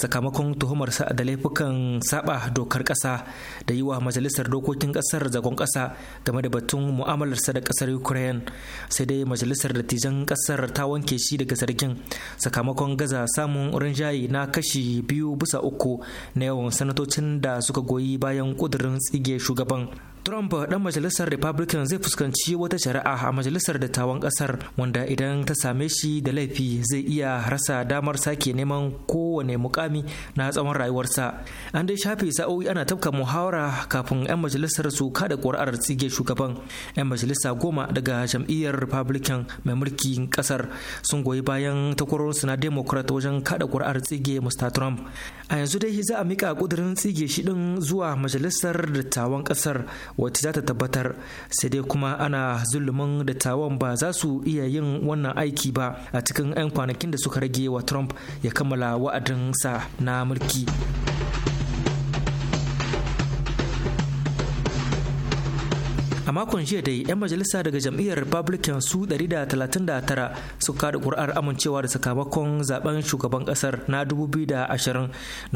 sakamakon tuhumarsa da laifukan saba dokar kasa da yi wa majalisar dokokin kasar zagon kasa game da batun mu'amalarsa da kasar ukraine sai dai majalisar dattijan kasar ta wanke shi daga zargin sakamakon gaza samun rinjaye na kashi biyu bisa uku na yawan sanatocin da suka goyi bayan kudurin tsige shugaban Trump dan majalisar Republican zai fuskanci wata shari'a a majalisar dattawan kasar wanda idan ta same shi da laifi zai iya rasa damar sake neman kowane mukami na tsawon rayuwarsa. An dai shafe sa'o'i ana tafka muhawara kafin 'yan majalisar su kada ƙuri'ar tsige shugaban. 'Yan majalisa goma daga jam'iyyar Republican mai mulkin kasar sun goyi bayan takwarorinsu na Democrat wajen kada ƙuri'ar tsige Mr. Trump. A yanzu dai za a mika ƙudurin tsige shi din zuwa majalisar dattawan kasar wacce za ta tabbatar sai dai kuma ana zulumin tawon ba za su iya yin wannan aiki ba a cikin 'yan kwanakin da suka rage wa trump ya kammala wa'adinsa na mulki. a makon jiya dai 'yan majalisa daga jam'iyyar republican su 139 su kada kuri'ar amincewa da sakamakon zaben shugaban kasar na 2020 da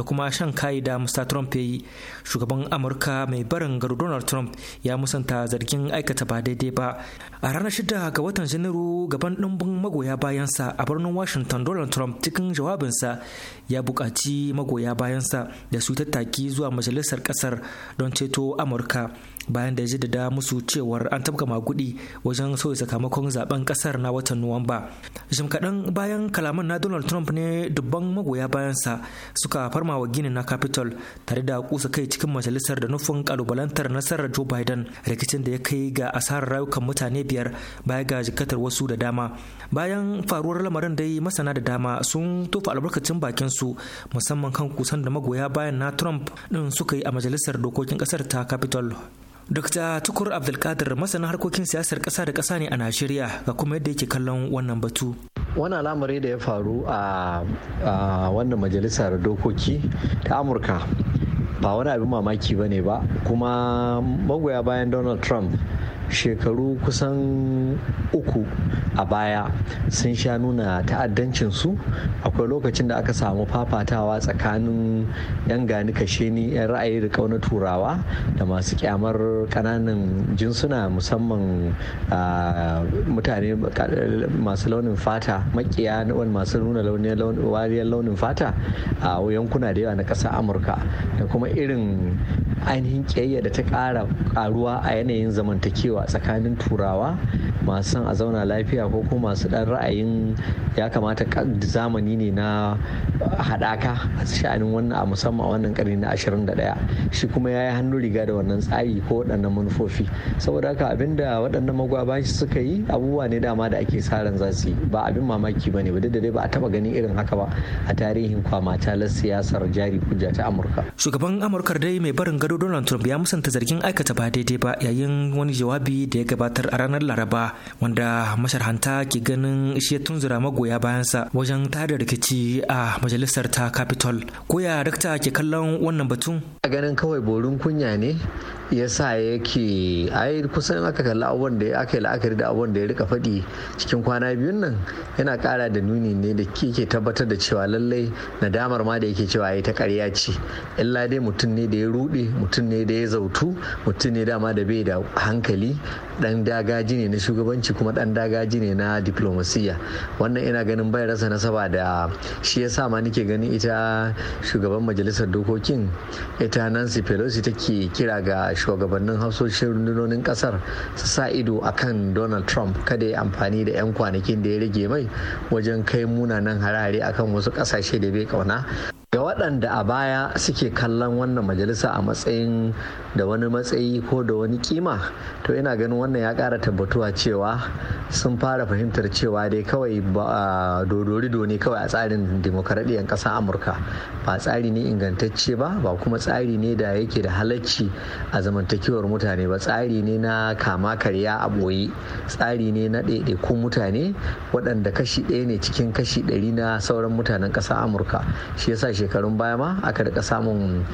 kuma shan kayi da mr trump ya yi shugaban amurka mai barin garu donald trump ya musanta zargin aikata ba daidai ba a ranar shida ga watan janairu gaban dimbin magoya bayansa a birnin washington donald trump cikin jawabinsa ya bukaci magoya bayansa da su tattaki zuwa majalisar kasar don ceto amurka bayan da ya ji da musu cewar an tabka magudi wajen sauya sakamakon zaben kasar na watan nuwamba jim kaɗan bayan kalaman na donald trump ne dubban magoya bayansa suka farma wa ginin na capitol tare da kusa kai cikin majalisar da nufin kalubalantar nasarar joe biden rikicin da ya kai ga asarar rayukan mutane biyar baya ga jikatar wasu da dama bayan faruwar lamarin da dai masana da dama sun tofa albarkacin bakin su musamman kan kusan da magoya bayan na trump din suka yi a majalisar dokokin kasar ta capitol Dr. Tukur Abdulkadir masanin harkokin siyasar ƙasa da ƙasa ne a Najeriya ga kuma yadda yake kallon wannan batu. wani al'amari da ya faru a wannan majalisar dokoki ta Amurka ba wani abin mamaki ba ne ba kuma magoya bayan Donald Trump shekaru kusan uku a baya sun sha nuna ta'addancinsu akwai lokacin da aka samu fafatawa tsakanin 'yan gani ni 'yan ra'ayi da kauna turawa da masu kyamar kananan jinsuna musamman mutane masu launin fata makiya masu nuna wariyar launin fata a yankuna da yawa na ƙasar amurka da kuma irin ainihin kiyayya da ta ƙara ƙaruwa a yanayin zamantakewa a tsakanin turawa masu son a zauna lafiya ko kuma masu dan ra'ayin ya kamata zamani ne na haɗaka a sha'anin wannan a musamman a wannan karni na 21 shi kuma ya yi hannu riga da wannan tsari ko waɗannan manufofi saboda haka abinda waɗannan magwaba suka yi abubuwa ne dama da ake sa ran za su yi ba abin mamaki ba ne ba da dai ba a taɓa ganin irin haka ba a tarihin kwama na siyasar jari hujja ta amurka shugaban amurkar dai mai barin gado donald trump ya musanta zargin aikata ba daidai ba yayin wani jawabi jawabi da ya gabatar a ranar laraba wanda masharhanta ke ganin shi ya tunzura magoya bayansa wajen tada rikici a majalisar ta capitol koya dakta ke kallon wannan batun a ganin kawai borin kunya ne yasa yake ai kusan aka kalli abubuwan da aka yi la'akari da abubuwan da ya rika faɗi cikin kwana biyun nan yana ƙara da nuni ne da ke tabbatar da cewa lallai nadamar ma da yake cewa ai ta ƙarya ce illa dai mutum ne da ya ruɗe mutum ne da ya zautu mutum ne dama da bai da hankali dan dagaji ne na shugabanci kuma dan dagaji ne na diplomasiya wannan ina ganin bai rasa nasaba da shi yasa ma nake ganin ita shugaban majalisar dokokin ita nancy pelosi take kira ga shugabannin hausoshin rundunonin kasar su sa ido akan donald trump kada ya amfani da 'yan kwanakin da ya rage mai wajen kai munanan harare akan wasu kasashe da bai kauna ga waɗanda a baya suke kallon wannan majalisa a matsayin da wani matsayi ko da wani kima to ina ganin wannan ya ƙara tabbatuwa cewa sun fara fahimtar cewa dai kawai dodori ne kawai a tsarin demokaradiyyar ƙasar amurka ba tsari ne ingantacce ba ba kuma tsari ne da yake da halacci a zamantakewar mutane ba tsari ne na kama karya a boye tsari ne na ɗaiɗaikun mutane waɗanda kashi ɗaya ne cikin kashi ɗari na sauran mutanen ƙasar amurka shi yasa shi shekarun baya ma aka rika samun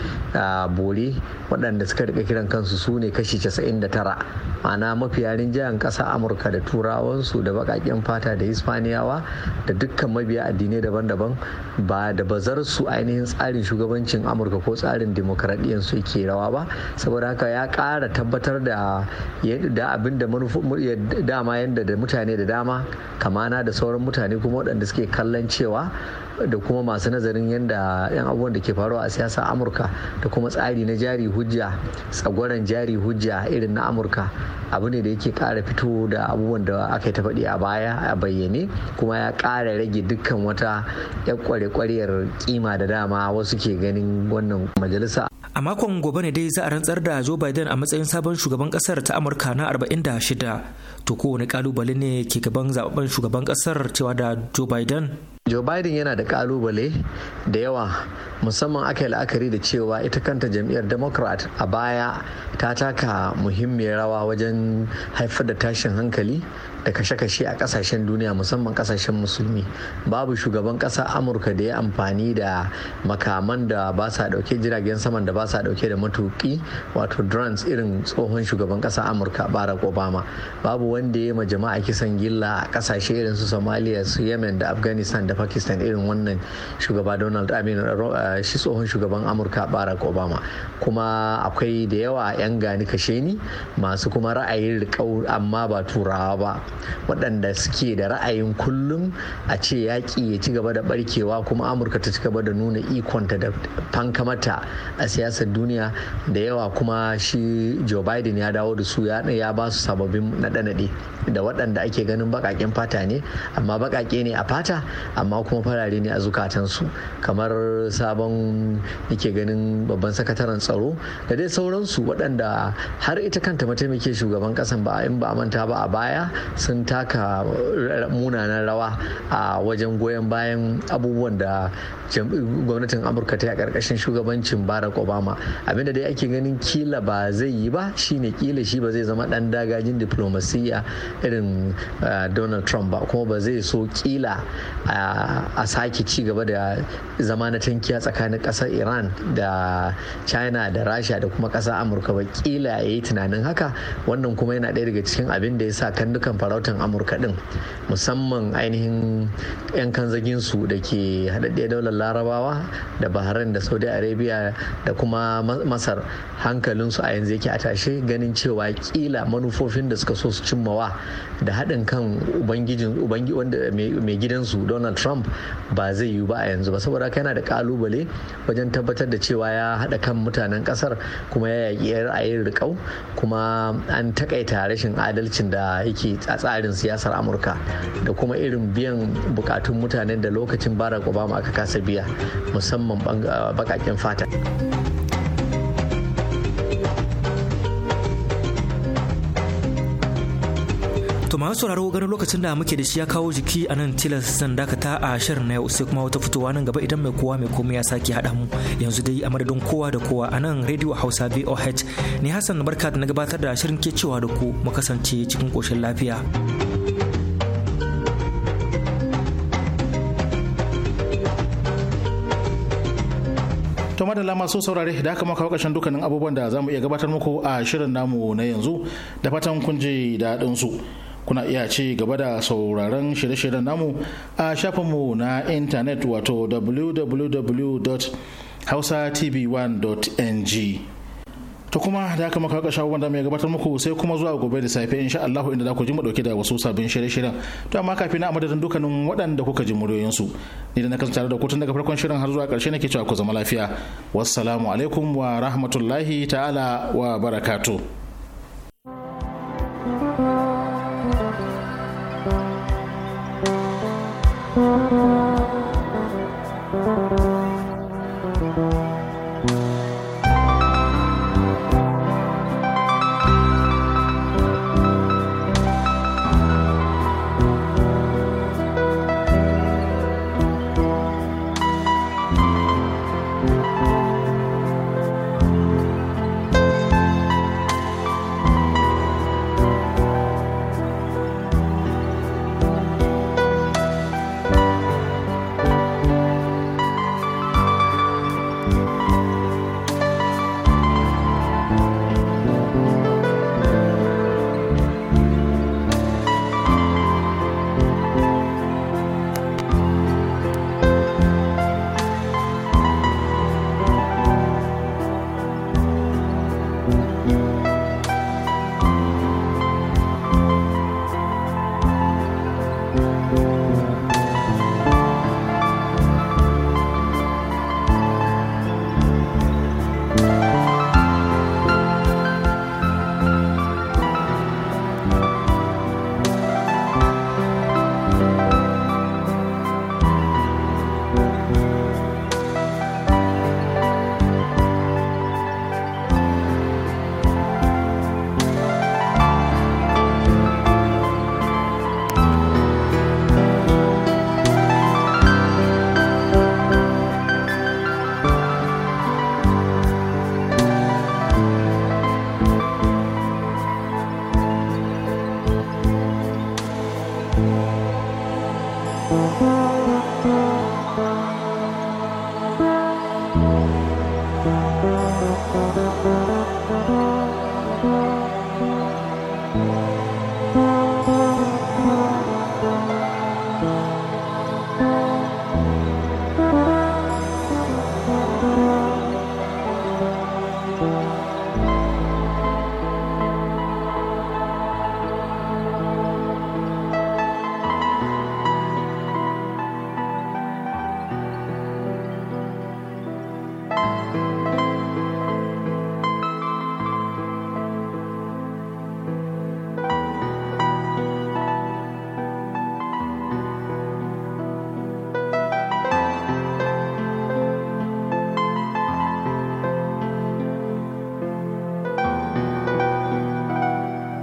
bore waɗanda suka rika kiran kansu su ne kashi 99 ana mafiya jihar ƙasa amurka da turawansu da baƙaƙen fata da hispaniyawa da dukkan mabiya addinai daban-daban ba da bazar su ainihin tsarin shugabancin amurka ko tsarin demokradiyyar su ke rawa ba saboda haka ya ƙara tabbatar da yadda abin da dama yadda da mutane da dama kamana da sauran mutane kuma waɗanda suke kallon cewa da kuma masu nazarin yadda yan abubuwan da ke faruwa a siyasa amurka da kuma tsari na jari hujja tsagwaron jari hujja irin na amurka abu ne da yake kara fito da abubuwan da aka yi ta faɗi a baya a bayyane kuma ya kara rage dukkan wata 'yan kware-kwaryar kima da dama wasu ke ganin wannan majalisa a makon gobe ne dai za a rantsar da joe biden a matsayin sabon shugaban kasar ta amurka na 46 to kowane kalubale ne ke gaban zababben shugaban kasar cewa da joe biden joe biden yana da kalubale da yawa musamman aka yi la'akari da cewa ita kanta jam'iyyar democrat a baya ta taka muhimmiyar rawa wajen haifar da tashin hankali da kashe-kashe a kasashen duniya musamman kasashen musulmi babu shugaban kasa amurka da ya amfani da makaman da ba sa dauke jiragen saman da ba sa dauke da matuki wato drones irin tsohon shugaban kasa amurka barack obama babu wanda ya ma jama'a kisan gilla a kasashe irin su somalia su yemen da afghanistan da pakistan irin wannan shugaba donald aminu uh, shi tsohon shugaban amurka barack obama kuma akwai da yawa 'yan gani kashe ni masu kuma ra'ayin riƙau amma ba turawa ba waɗanda suke da ra'ayin kullum a ce yaƙi ya ci gaba da barkewa kuma amurka ta ci gaba da nuna ikonta da fankamata a siyasar duniya da yawa kuma shi joe biden ya dawo da su ya ba su sababbin naɗe-naɗe da waɗanda ake ganin baƙaƙen fata ne amma baƙaƙe ne a fata amma kuma farare ne a zukatansu kamar sabon yake ganin babban sakataren tsaro da dai sauransu waɗanda har ita kanta mataimakin shugaban ƙasan ba in ba a manta ba a baya sun taka munanan rawa a wajen goyon bayan abubuwan da gwamnatin amurka ta yi a ƙarƙashin shugabancin barack obama abinda dai ake ganin kila ba zai yi ba shine kila shi ba zai zama ɗan dagajin diplomasiya irin eh, donald trump ba kuma ba zai so kila eh, a sake ci gaba da zama na tankiya tsakanin kasar iran da china da rasha da kuma ƙasar amurka ba kila ya yi tunanin haka wannan kuma yana ɗaya daga cikin abin da ya sa kan dukan sarautar amurka din musamman ainihin 'yan kanzaginsu da ke haɗaɗɗiyar daular larabawa da bahrain da saudi arabia da kuma masar hankalinsu a yanzu yake a tashe ganin cewa kila manufofin da suka so su cimmawa da haɗin kan ubangijin mai gidansu donald trump ba zai yiwu ba a yanzu ba saboda haka yana da kalubale wajen tabbatar da cewa ya haɗa kan mutanen ƙasar kuma ya yaƙi yin riƙau kuma an takaita rashin adalcin da yake a tsarin siyasar amurka da kuma irin biyan bukatun mutanen da lokacin barack obama aka kasa biya musamman bakaken fata To masu sauraro ganin lokacin da muke da shi ya kawo jiki a nan tilas zan dakata a shirin na yau sai kuma wata fitowa nan gaba idan mai kowa mai komai ya sake haɗa mu yanzu dai a madadin kowa da kowa a nan rediyo Hausa VOH ne Hassan barka da na gabatar da shirin ke cewa da ku mu kasance cikin koshin lafiya. to madalla masu saurare da aka maka wakashin dukkanin abubuwan da za mu iya gabatar muku a shirin namu na yanzu da fatan kun ji daɗin su kuna iya ci gaba da sauraron shirye-shiryen namu a shafinmu na intanet wato www.hausatv1.ng to kuma da aka maka kasha wanda mai gabatar muku sai kuma zuwa gobe da safe insha Allah inda za ku ji mu dauke da wasu sabbin shirye-shiryen to amma kafin na madadin dukkanin waɗanda kuka ji muryoyin su ni da na kasance tare da ku tun daga farkon shirin har zuwa ƙarshe nake cewa ku zama lafiya wassalamu alaikum wa rahmatullahi ta'ala wa barakatu.